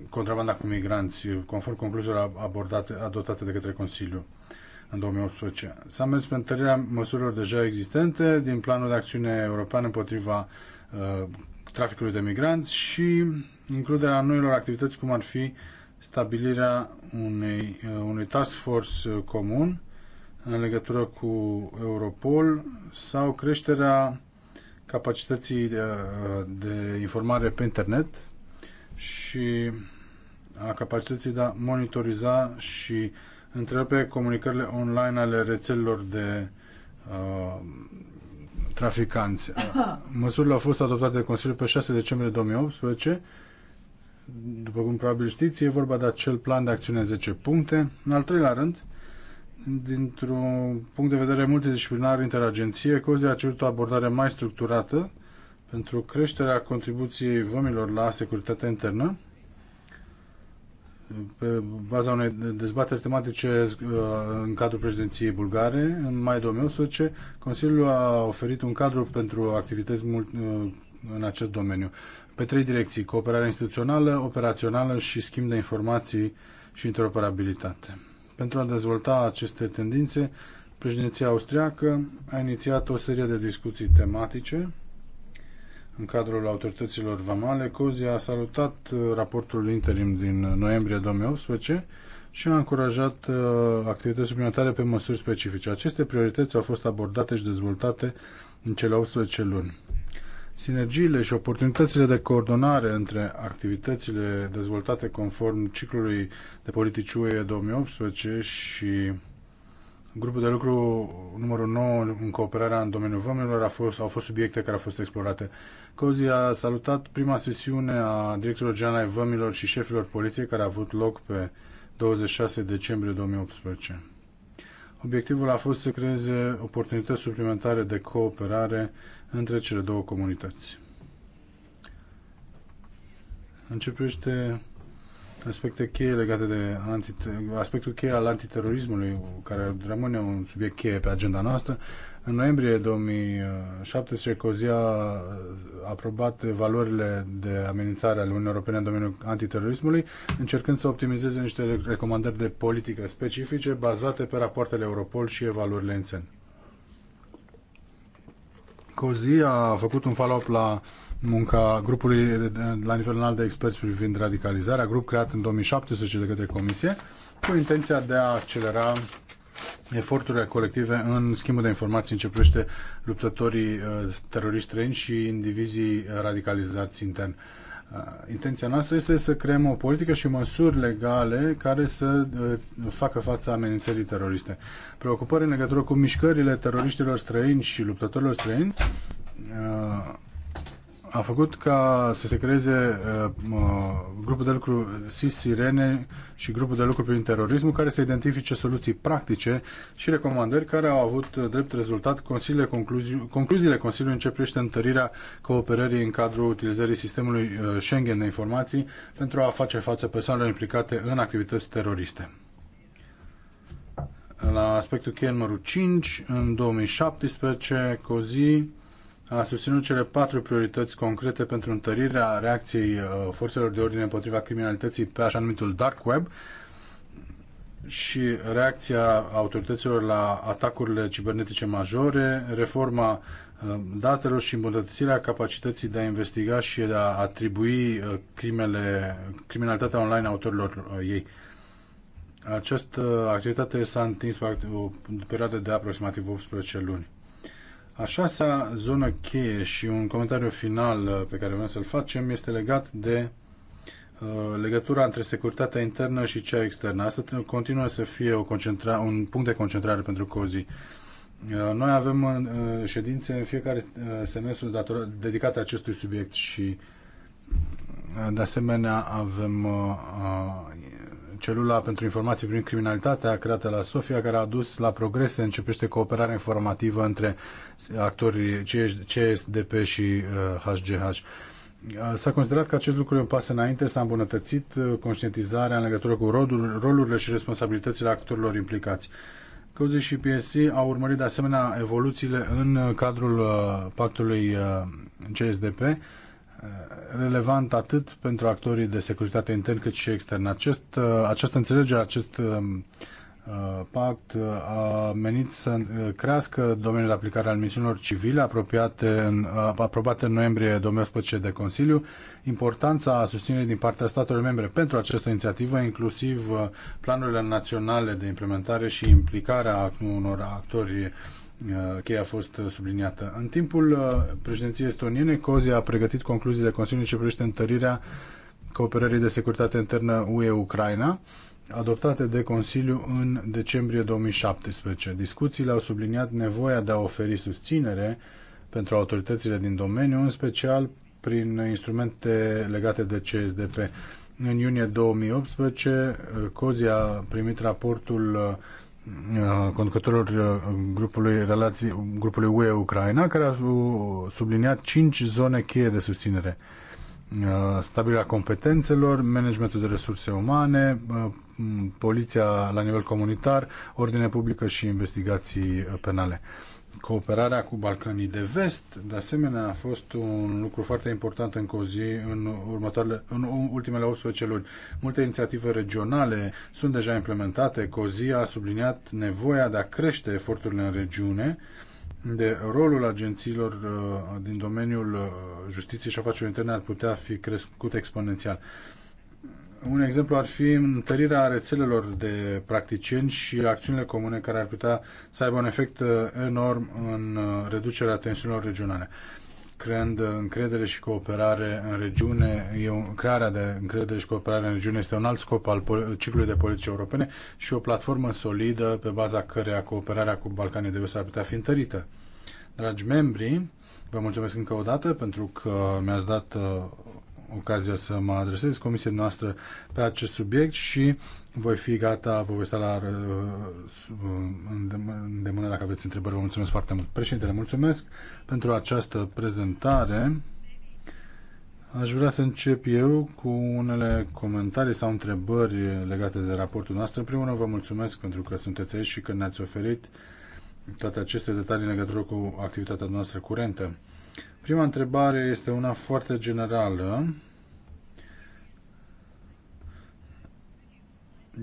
contrabanda cu migranți, conform concluziilor abordate, adoptate de către Consiliu în 2018. S-a mers pe întărirea măsurilor deja existente din planul de acțiune european împotriva uh, traficului de migranți și includerea noilor activități, cum ar fi stabilirea unei, uh, unui task force uh, comun în legătură cu Europol sau creșterea capacității de, uh, de informare pe internet și a capacității de a monitoriza și pe comunicările online ale rețelelor de uh, traficanți. Măsurile au fost adoptate de Consiliul pe 6 decembrie 2018. După cum probabil știți, e vorba de acel plan de acțiune 10 puncte. În al treilea rând, dintr-un punct de vedere multidisciplinar interagenție, COZI a cerut o abordare mai structurată pentru creșterea contribuției vămilor la securitatea internă pe baza unei dezbateri tematice uh, în cadrul președinției bulgare, în mai 2018, Consiliul a oferit un cadru pentru activități mult, uh, în acest domeniu, pe trei direcții, cooperare instituțională, operațională și schimb de informații și interoperabilitate. Pentru a dezvolta aceste tendințe, președinția austriacă a inițiat o serie de discuții tematice în cadrul autorităților vamale, COZI a salutat uh, raportul interim din noiembrie 2018 și a încurajat uh, activități suplimentare pe măsuri specifice. Aceste priorități au fost abordate și dezvoltate în cele 18 luni. Sinergiile și oportunitățile de coordonare între activitățile dezvoltate conform ciclului de politici UE 2018 și grupul de lucru numărul 9 în cooperarea în domeniul vămilor au fost, au fost subiecte care au fost explorate Cozi a salutat prima sesiune a directorilor general ai vămilor și șefilor poliției care a avut loc pe 26 decembrie 2018. Obiectivul a fost să creeze oportunități suplimentare de cooperare între cele două comunități. Începește aspecte cheie legate de aspectul cheie al antiterorismului, care rămâne un subiect cheie pe agenda noastră, în noiembrie 2017, COZI a aprobat valorile de amenințare ale Uniunii Europene în domeniul antiterorismului, încercând să optimizeze niște recomandări de politică specifice bazate pe rapoartele Europol și evaluările în COZI a făcut un follow-up la munca grupului la nivel înalt de experți privind radicalizarea, grup creat în 2017 de către Comisie, cu intenția de a accelera eforturile colective în schimbul de informații începește luptătorii uh, teroriști străini și indivizii radicalizați intern. Uh, intenția noastră este să creăm o politică și măsuri legale care să uh, facă fața amenințării teroriste. Preocupări în legătură cu mișcările teroriștilor străini și luptătorilor străini uh, a făcut ca să se creeze uh, uh, grupul de lucru SIS Sirene și grupul de lucru prin terorism care să identifice soluții practice și recomandări care au avut drept rezultat concluziile, concluzi, concluziile Consiliului începește întărirea cooperării în cadrul utilizării sistemului uh, Schengen de informații pentru a face față persoanelor implicate în activități teroriste la aspectul cheie numărul 5, în 2017, COZI a susținut cele patru priorități concrete pentru întărirea reacției uh, forțelor de ordine împotriva criminalității pe așa numitul dark web și reacția autorităților la atacurile cibernetice majore, reforma uh, datelor și îmbunătățirea capacității de a investiga și de a atribui uh, crimele, criminalitatea online autorilor ei. Această activitate s-a întins pe o perioadă de aproximativ 18 luni. A șasea zonă cheie și un comentariu final uh, pe care vreau să-l facem este legat de uh, legătura între securitatea internă și cea externă. Asta continuă să fie o concentra- un punct de concentrare pentru COZI. Uh, noi avem ședințe în fiecare semestru dator- dedicate acestui subiect și de asemenea avem celula pentru informații prin criminalitatea creată la Sofia, care a dus la progrese, începește cooperarea informativă între actorii CSDP și HGH. Uh, uh, s-a considerat că acest lucru e un pas înainte, s-a îmbunătățit uh, conștientizarea în legătură cu rolul, rolurile și responsabilitățile actorilor implicați. Căuze și PSC au urmărit de asemenea evoluțiile în cadrul pactului CSDP, relevant atât pentru actorii de securitate intern cât și extern. Acest, uh, această înțelegere, acest um, uh, pact uh, a menit să crească domeniul de aplicare al misiunilor civile apropiate în, aprobate în noiembrie 2018 de Consiliu, importanța susținerii din partea statelor membre pentru această inițiativă, inclusiv planurile naționale de implementare și implicarea unor actori Uh, cheia a fost uh, subliniată. În timpul uh, președinției estoniene, COZI a pregătit concluziile Consiliului ce privește întărirea cooperării de securitate internă UE-Ucraina, adoptate de Consiliu în decembrie 2017. Discuțiile au subliniat nevoia de a oferi susținere pentru autoritățile din domeniu, în special prin instrumente legate de CSDP. În iunie 2018, COZI a primit raportul conducătorilor grupului, relații, grupului UE-Ucraina, care a subliniat cinci zone cheie de susținere. Stabilirea competențelor, managementul de resurse umane, poliția la nivel comunitar, ordine publică și investigații penale. Cooperarea cu Balcanii de Vest, de asemenea, a fost un lucru foarte important în COZI în, următoarele, în ultimele 18 luni. Multe inițiative regionale sunt deja implementate. COZI a subliniat nevoia de a crește eforturile în regiune, de rolul agențiilor uh, din domeniul uh, justiției și afacerilor interne ar putea fi crescut exponențial. Un exemplu ar fi întărirea rețelelor de practicieni și acțiunile comune care ar putea să aibă un efect uh, enorm în uh, reducerea tensiunilor regionale creând uh, încredere și cooperare în regiune. eu, crearea de încredere și cooperare în regiune este un alt scop al ciclului de politici europene și o platformă solidă pe baza căreia cooperarea cu Balcanii de Vest ar putea fi întărită. Dragi membri, vă mulțumesc încă o dată pentru că mi-ați dat ocazia să mă adresez comisiei noastră pe acest subiect și voi fi gata, vă voi sta la uh, uh, îndemână dacă aveți întrebări. Vă mulțumesc foarte mult. Președintele, mulțumesc pentru această prezentare. Aș vrea să încep eu cu unele comentarii sau întrebări legate de raportul nostru. În primul rând, vă mulțumesc pentru că sunteți aici și că ne-ați oferit toate aceste detalii în legătură cu activitatea noastră curentă. Prima întrebare este una foarte generală.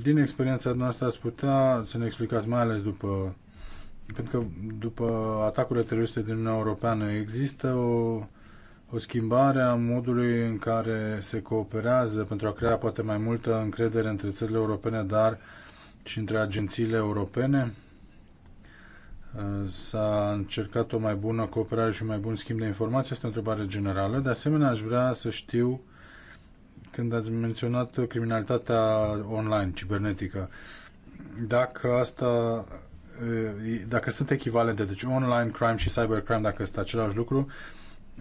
Din experiența noastră ați putea să ne explicați, mai ales după, pentru că după atacurile teroriste din Uniunea Europeană există o, o schimbare a modului în care se cooperează pentru a crea poate mai multă încredere între țările europene, dar și între agențiile europene? s-a încercat o mai bună cooperare și un mai bun schimb de informații? Asta e o întrebare generală. De asemenea, aș vrea să știu, când ați menționat criminalitatea online, cibernetică, dacă asta dacă sunt echivalente, deci online crime și cybercrime, dacă este același lucru,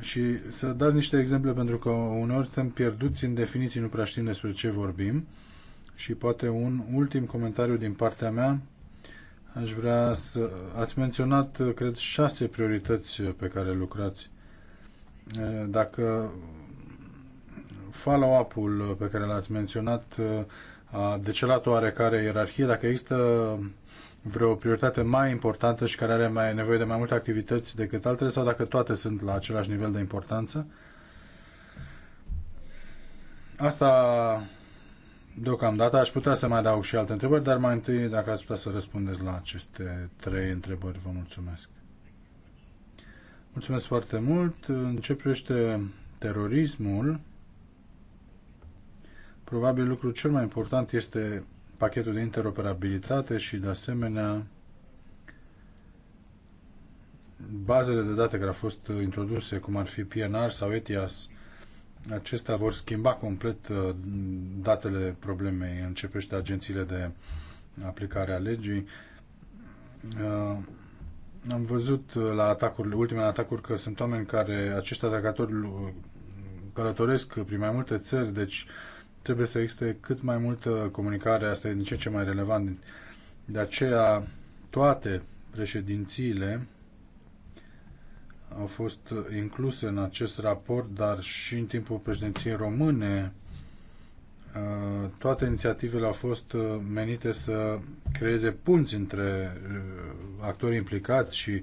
și să dați niște exemple, pentru că uneori suntem pierduți în definiții, nu prea știm despre ce vorbim. Și poate un ultim comentariu din partea mea Aș vrea să... Ați menționat, cred, șase priorități pe care lucrați. Dacă follow-up-ul pe care l-ați menționat a decelat oarecare ierarhie, dacă există vreo prioritate mai importantă și care are mai nevoie de mai multe activități decât altele sau dacă toate sunt la același nivel de importanță. Asta Deocamdată aș putea să mai adaug și alte întrebări, dar mai întâi, dacă ați putea să răspundeți la aceste trei întrebări, vă mulțumesc. Mulțumesc foarte mult. În ce privește terorismul, probabil lucrul cel mai important este pachetul de interoperabilitate și, de asemenea, bazele de date care au fost introduse, cum ar fi PNR sau ETIAS, acestea vor schimba complet uh, datele problemei în ce privește agențiile de aplicare a legii. Uh, am văzut uh, la atacurile, ultimele atacuri că sunt oameni care, acești atacatori călătoresc prin mai multe țări, deci trebuie să existe cât mai multă comunicare, asta e din ce ce mai relevant. De aceea, toate președințiile au fost incluse în acest raport, dar și în timpul președinției române, uh, toate inițiativele au fost uh, menite să creeze punți între uh, actorii implicați și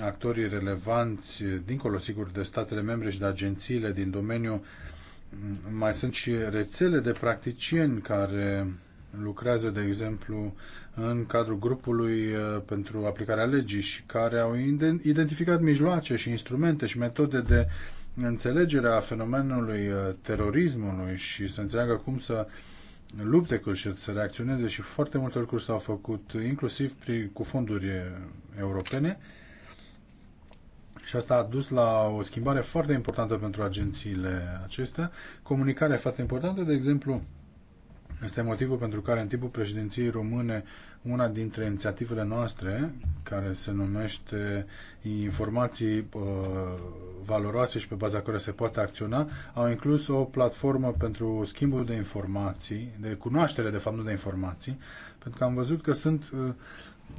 actorii relevanți, dincolo, sigur, de statele membre și de agențiile din domeniu. Mm, mai sunt și rețele de practicieni care lucrează, de exemplu, în cadrul grupului uh, pentru aplicarea legii și care au identificat mijloace și instrumente și metode de înțelegere a fenomenului uh, terorismului și să înțeleagă cum să lupte cu și să reacționeze și foarte multe lucruri s-au făcut, inclusiv cu fonduri uh, europene. Și asta a dus la o schimbare foarte importantă pentru agențiile acestea. Comunicarea foarte importantă, de exemplu, este motivul pentru care în timpul președinției române una dintre inițiativele noastre, care se numește informații uh, valoroase și pe baza care se poate acționa, au inclus o platformă pentru schimbul de informații, de cunoaștere de fapt, nu de informații, pentru că am văzut că sunt uh,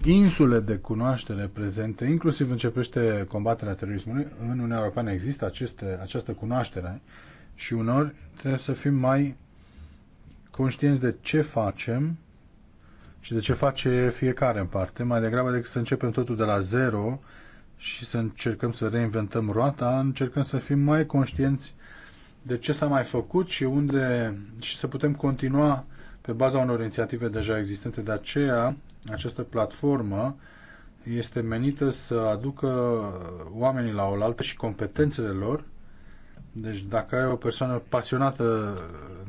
insule de cunoaștere prezente, inclusiv începește combaterea terorismului. În Uniunea Europeană există aceste, această cunoaștere și unor trebuie să fim mai conștienți de ce facem și de ce face fiecare în parte, mai degrabă decât să începem totul de la zero și să încercăm să reinventăm roata, încercăm să fim mai conștienți de ce s-a mai făcut și unde și să putem continua pe baza unor inițiative deja existente. De aceea, această platformă este menită să aducă oamenii la oaltă și competențele lor deci dacă ai o persoană pasionată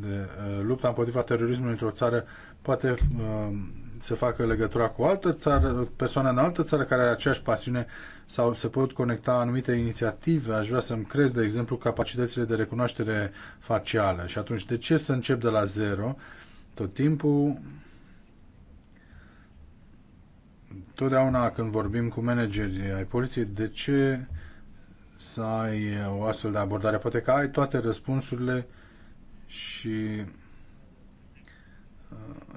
de uh, lupta împotriva terorismului într-o țară, poate uh, să facă legătura cu o altă țară, persoană în altă țară care are aceeași pasiune sau se pot conecta anumite inițiative. Aș vrea să-mi cresc, de exemplu, capacitățile de recunoaștere facială. Și atunci, de ce să încep de la zero tot timpul? Totdeauna când vorbim cu manageri ai poliției, de ce să ai o astfel de abordare. Poate că ai toate răspunsurile și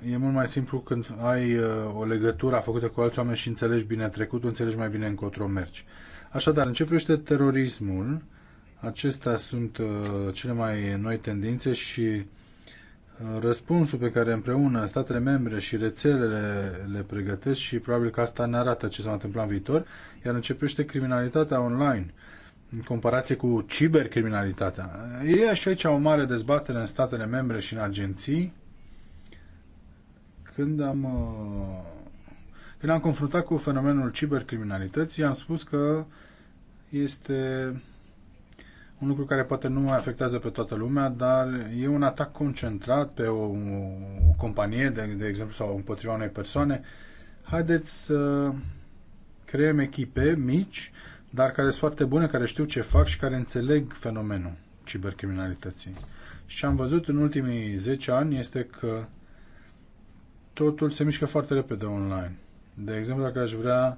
uh, e mult mai simplu când ai uh, o legătură făcută cu alți oameni și înțelegi bine trecutul, înțelegi mai bine încotro mergi. Așadar, în ce privește terorismul, acestea sunt uh, cele mai noi tendințe și răspunsul pe care împreună statele membre și rețelele le pregătesc și probabil că asta ne arată ce se va întâmpla în viitor, iar începește criminalitatea online în comparație cu cibercriminalitatea. E și aici o mare dezbatere în statele membre și în agenții. Când am, uh, când am confruntat cu fenomenul cibercriminalității, am spus că este un lucru care poate nu afectează pe toată lumea, dar e un atac concentrat pe o, o companie, de, de exemplu, sau împotriva unei persoane. Haideți să creăm echipe mici dar care sunt foarte bune, care știu ce fac și care înțeleg fenomenul cibercriminalității. Și am văzut în ultimii 10 ani este că totul se mișcă foarte repede online. De exemplu, dacă aș vrea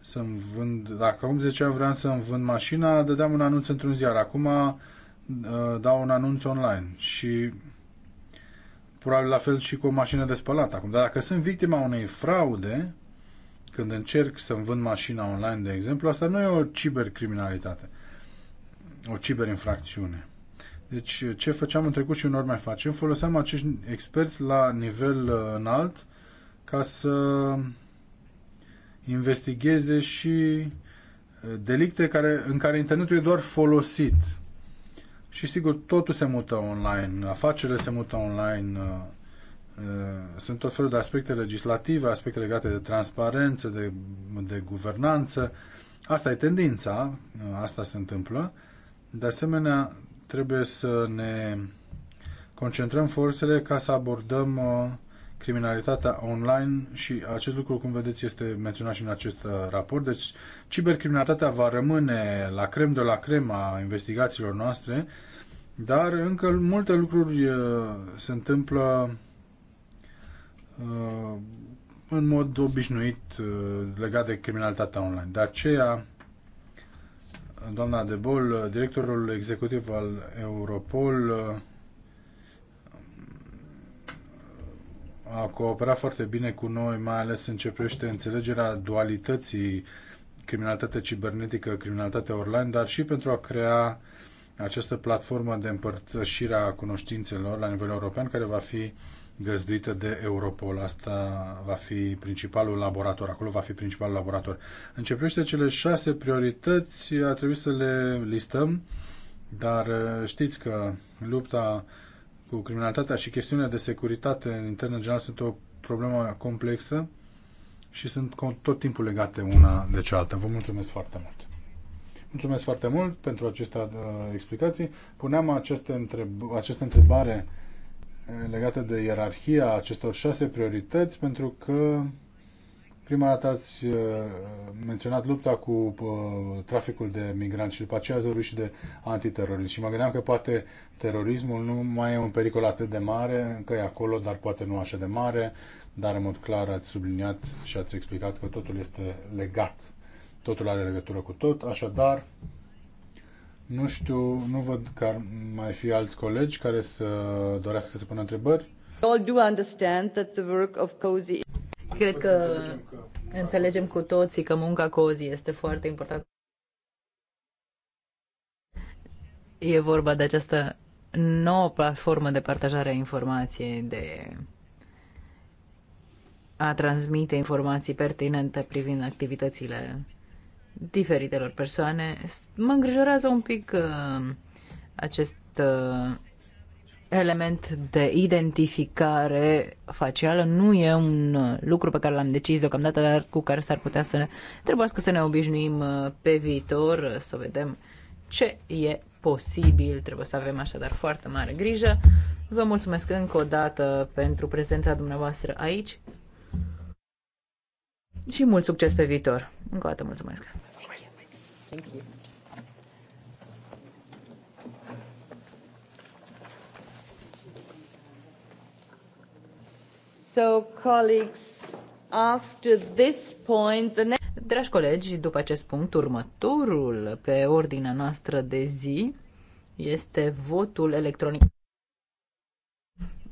să-mi vând, dacă acum 10 ani vreau să-mi vând mașina, dădeam un anunț într-un ziar. Acum uh, dau un anunț online și probabil la fel și cu o mașină de spălat acum. Dar dacă sunt victima unei fraude, când încerc să-mi vând mașina online, de exemplu, asta nu e o cibercriminalitate, o ciberinfracțiune. Deci ce făceam în trecut și în mai facem, foloseam acești experți la nivel uh, înalt ca să investigheze și uh, delicte care, în care internetul e doar folosit. Și sigur, totul se mută online, afacerile se mută online, uh, Eh, sunt tot felul de aspecte legislative, aspecte legate de transparență, de, de guvernanță. Asta e tendința, eh, asta se întâmplă. De asemenea, trebuie să ne concentrăm forțele ca să abordăm eh, criminalitatea online și acest lucru, cum vedeți, este menționat și în acest raport. Deci, cibercriminalitatea va rămâne la crem de la crem a investigațiilor noastre, dar încă multe lucruri se întâmplă Uh, în mod obișnuit uh, legat de criminalitatea online. De aceea, doamna Debol, Bol, uh, directorul executiv al Europol, a cooperat foarte bine cu noi, mai ales în ce privește înțelegerea dualității criminalitate cibernetică, criminalitate online, dar și pentru a crea această platformă de împărtășire a cunoștințelor la nivel european, care va fi uh, găzduită de Europol. Asta va fi principalul laborator, acolo va fi principalul laborator. privește cele șase priorități, a trebuit să le listăm, dar uh, știți că lupta cu criminalitatea și chestiunea de securitate internă în general sunt o problemă complexă și sunt tot timpul legate una de cealaltă. Vă mulțumesc foarte mult! Mulțumesc foarte mult pentru aceste uh, explicații. Puneam aceste întreb- această întrebare legată de ierarhia acestor șase priorități, pentru că prima dată ați uh, menționat lupta cu uh, traficul de migranți și după aceea ați vorbit și de antiterorism. Și mă gândeam că poate terorismul nu mai e un pericol atât de mare, încă e acolo, dar poate nu așa de mare, dar în mod clar ați subliniat și ați explicat că totul este legat. Totul are legătură cu tot, așadar nu știu, nu văd că ar mai fi alți colegi care să dorească să pună întrebări.
All do understand that the work of COSI... Cred că înțelegem, că cu toții că munca COSI este foarte importantă. E vorba de această nouă platformă de partajare a informației, de a transmite informații pertinente privind activitățile diferitelor persoane. Mă îngrijorează un pic uh, acest uh, element de identificare facială. Nu e un uh, lucru pe care l-am decis deocamdată, dar cu care s-ar putea să ne trebuiască să ne obișnuim uh, pe viitor, uh, să vedem ce e posibil. Trebuie să avem așadar foarte mare grijă. Vă mulțumesc încă o dată pentru prezența dumneavoastră aici și mult succes pe viitor. Încă o dată mulțumesc! Thank you. So, colleagues, after this point, the next... Dragi colegi, după acest punct, următorul pe ordinea noastră de zi este votul electronic.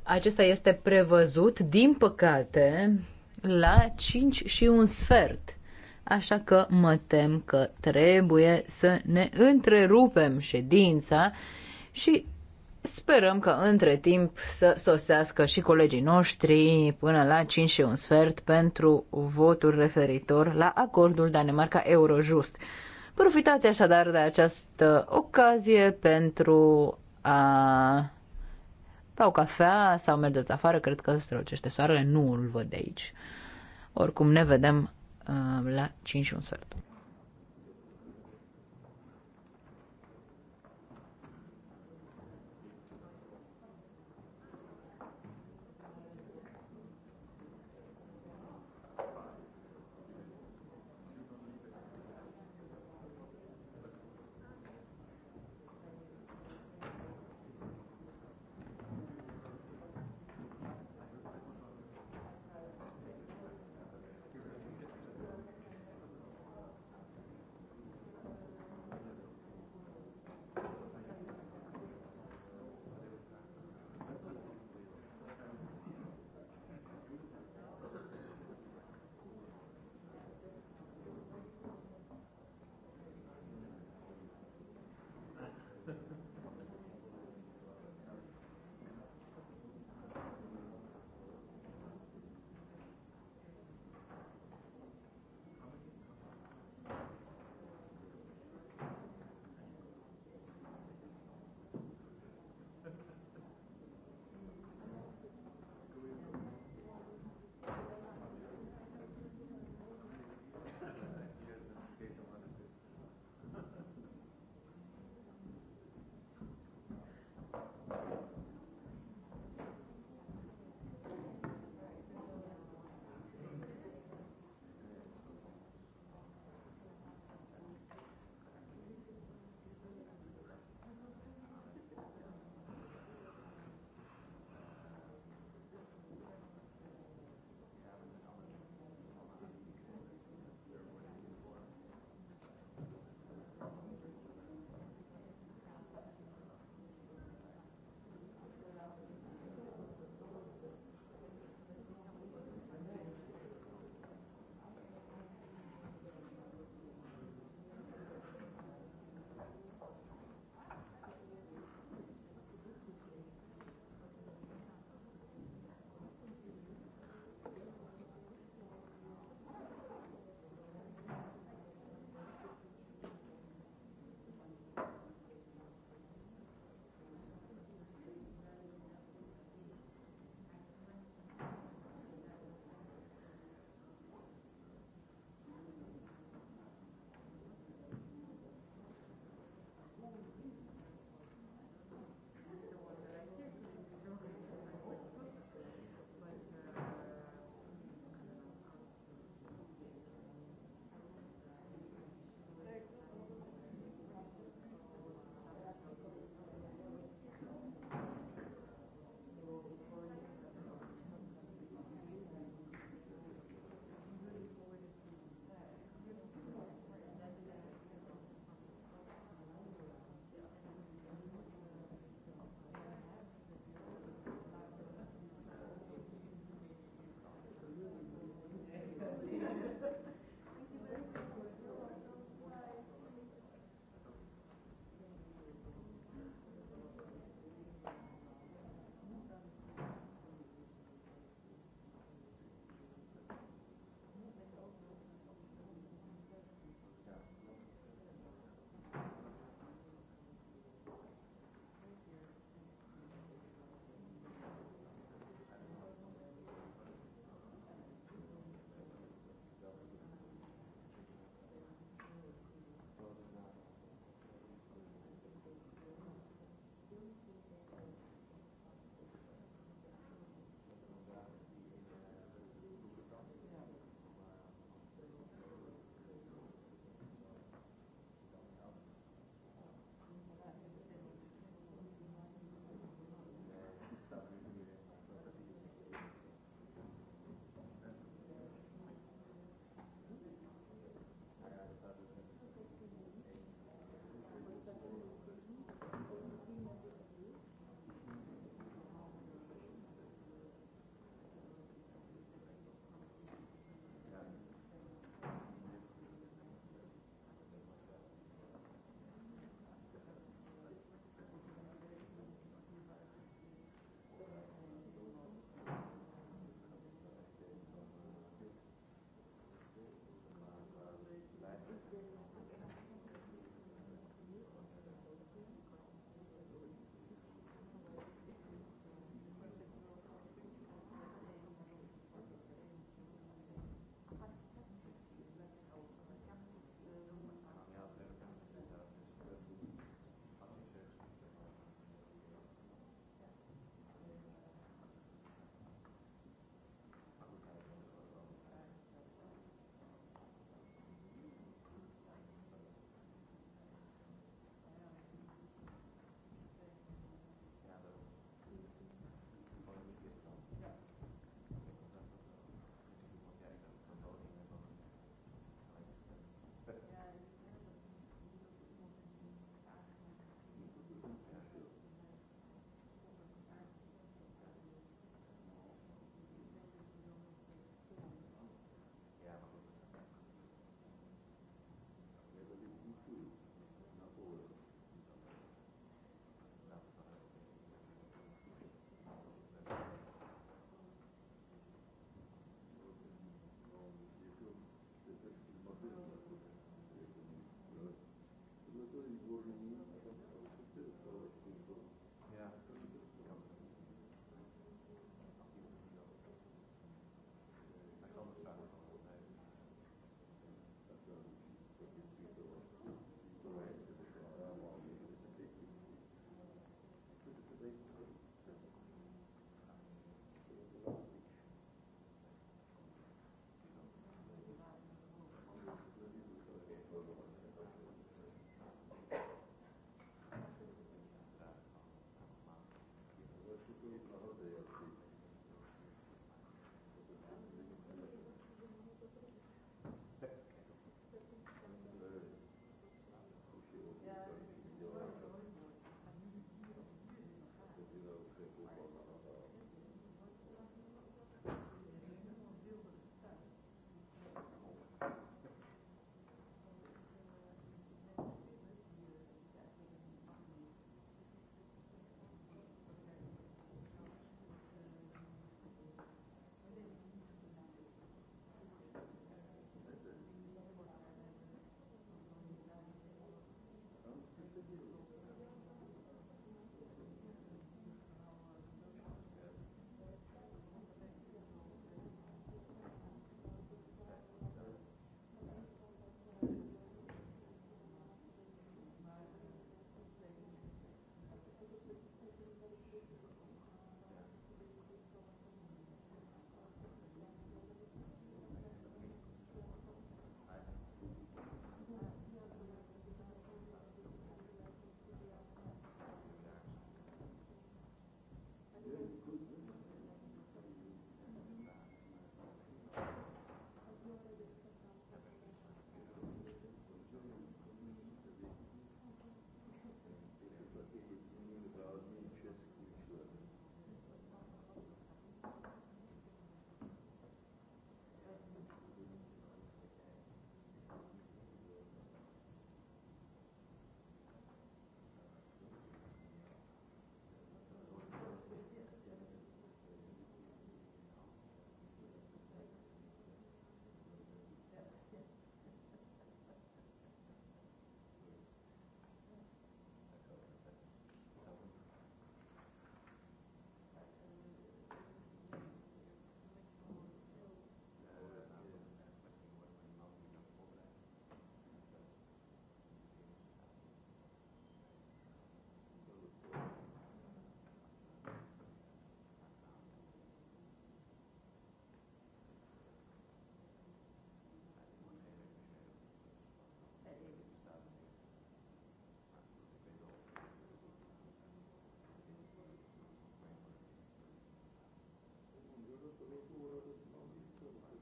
Acesta este prevăzut, din păcate, la 5 și un sfert așa că mă tem că trebuie să ne întrerupem ședința și sperăm că între timp să sosească și colegii noștri până la 5 și un sfert pentru votul referitor la acordul Danemarca-Eurojust. Profitați așadar de această ocazie pentru a bea o cafea sau mergeți afară, cred că strălucește soarele, nu îl văd de aici. Oricum ne vedem Uh, la 5 și un sfert.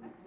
Thank you.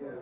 Yeah.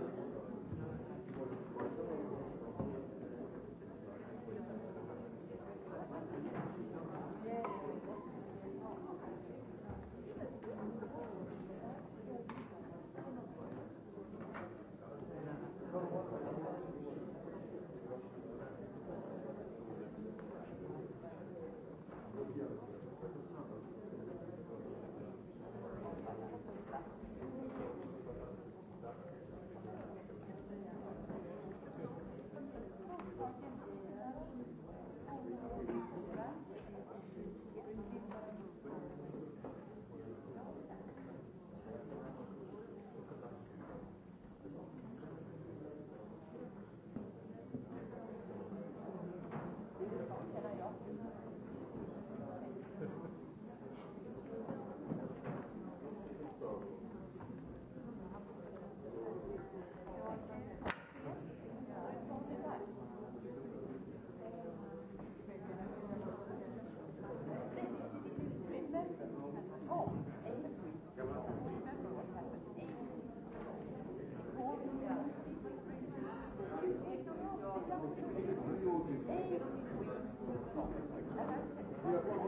Thank you.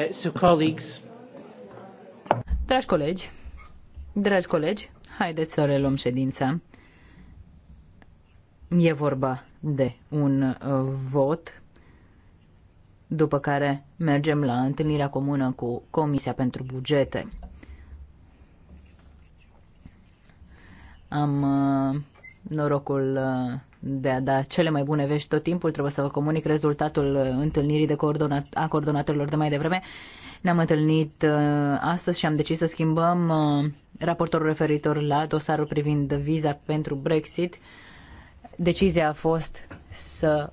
Uh, so colleagues.
Dragi colegi, dragi colegi, haideți să reluăm ședința. E vorba de un uh, vot, după care mergem la întâlnirea comună cu Comisia pentru Bugete. Am uh, norocul uh, de a da cele mai bune vești tot timpul. Trebuie să vă comunic rezultatul uh, întâlnirii de coordonat, a coordonatorilor de mai devreme. Ne-am întâlnit uh, astăzi și am decis să schimbăm uh, raportorul referitor la dosarul privind viza pentru Brexit. Decizia a fost să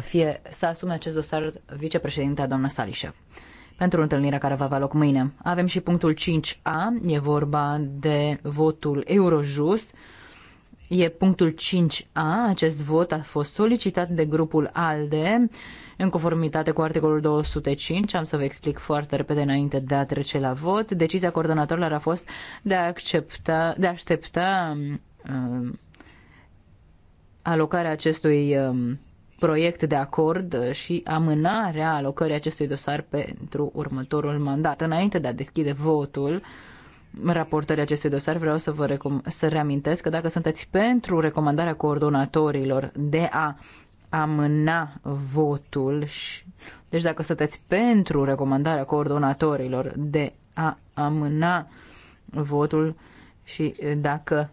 fie să asume acest dosar vicepreședinta doamna Salișev pentru întâlnirea care va avea loc mâine. Avem și punctul 5A, e vorba de votul Eurojust E punctul 5a. Acest vot a fost solicitat de grupul ALDE în conformitate cu articolul 205. Am să vă explic foarte repede înainte de a trece la vot. Decizia coordonatorilor a fost de a, accepta, de a aștepta uh, alocarea acestui uh, proiect de acord și amânarea alocării acestui dosar pentru următorul mandat. Înainte de a deschide votul, uh, raportării acestui dosar, vreau să vă să reamintesc că dacă sunteți pentru recomandarea coordonatorilor de a amâna votul și deci dacă sunteți pentru recomandarea coordonatorilor de a amâna votul și dacă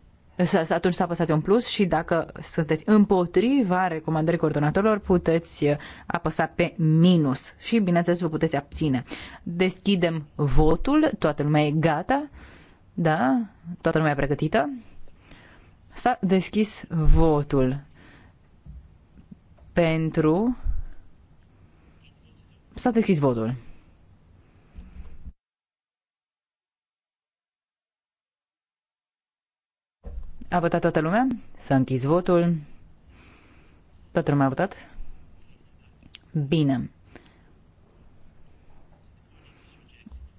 atunci să apăsați un plus și dacă sunteți împotriva recomandării coordonatorilor, puteți uh, apăsa pe minus și, bineînțeles, vă puteți abține. Deschidem votul, toată lumea e gata, da? Toată lumea e pregătită? S-a deschis votul pentru... S-a deschis votul. A votat toată lumea? S-a închis votul. Toată lumea a votat? Bine.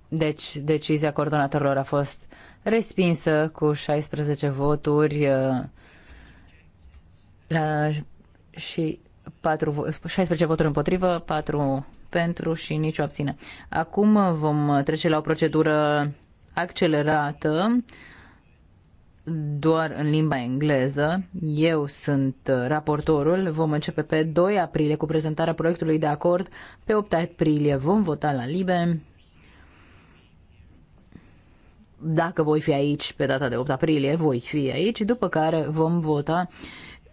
Deci, decizia coordonatorilor a fost respinsă cu 16 voturi uh, și 4, 16 voturi împotrivă, 4 pentru și nicio abține. Acum vom trece la o procedură accelerată doar în limba engleză. Eu sunt uh, raportorul. Vom începe pe 2 aprilie cu prezentarea proiectului de acord. Pe 8 aprilie vom vota la Libe. Dacă voi fi aici pe data de 8 aprilie, voi fi aici, după care vom vota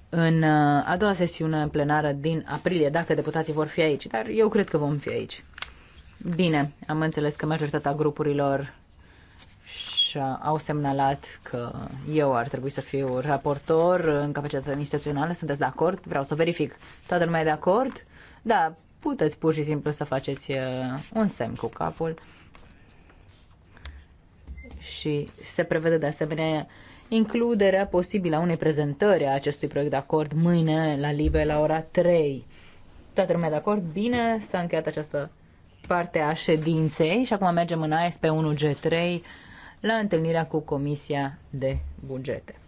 în uh, a doua sesiune plenară din aprilie, dacă deputații vor fi aici. Dar eu cred că vom fi aici. Bine, am înțeles că majoritatea grupurilor colegi au semnalat că eu ar trebui să fiu raportor în capacitatea instituțională. Sunteți de acord? Vreau să verific. Toată lumea e de acord? Da, puteți pur și simplu să faceți uh, un semn cu capul. Și se prevede de asemenea includerea posibilă a unei prezentări a acestui proiect de acord mâine la Libe la ora 3. Toată lumea de acord? Bine, s-a încheiat această parte a ședinței și acum mergem în ASP 1G3 la întâlnirea cu Comisia de Bugete.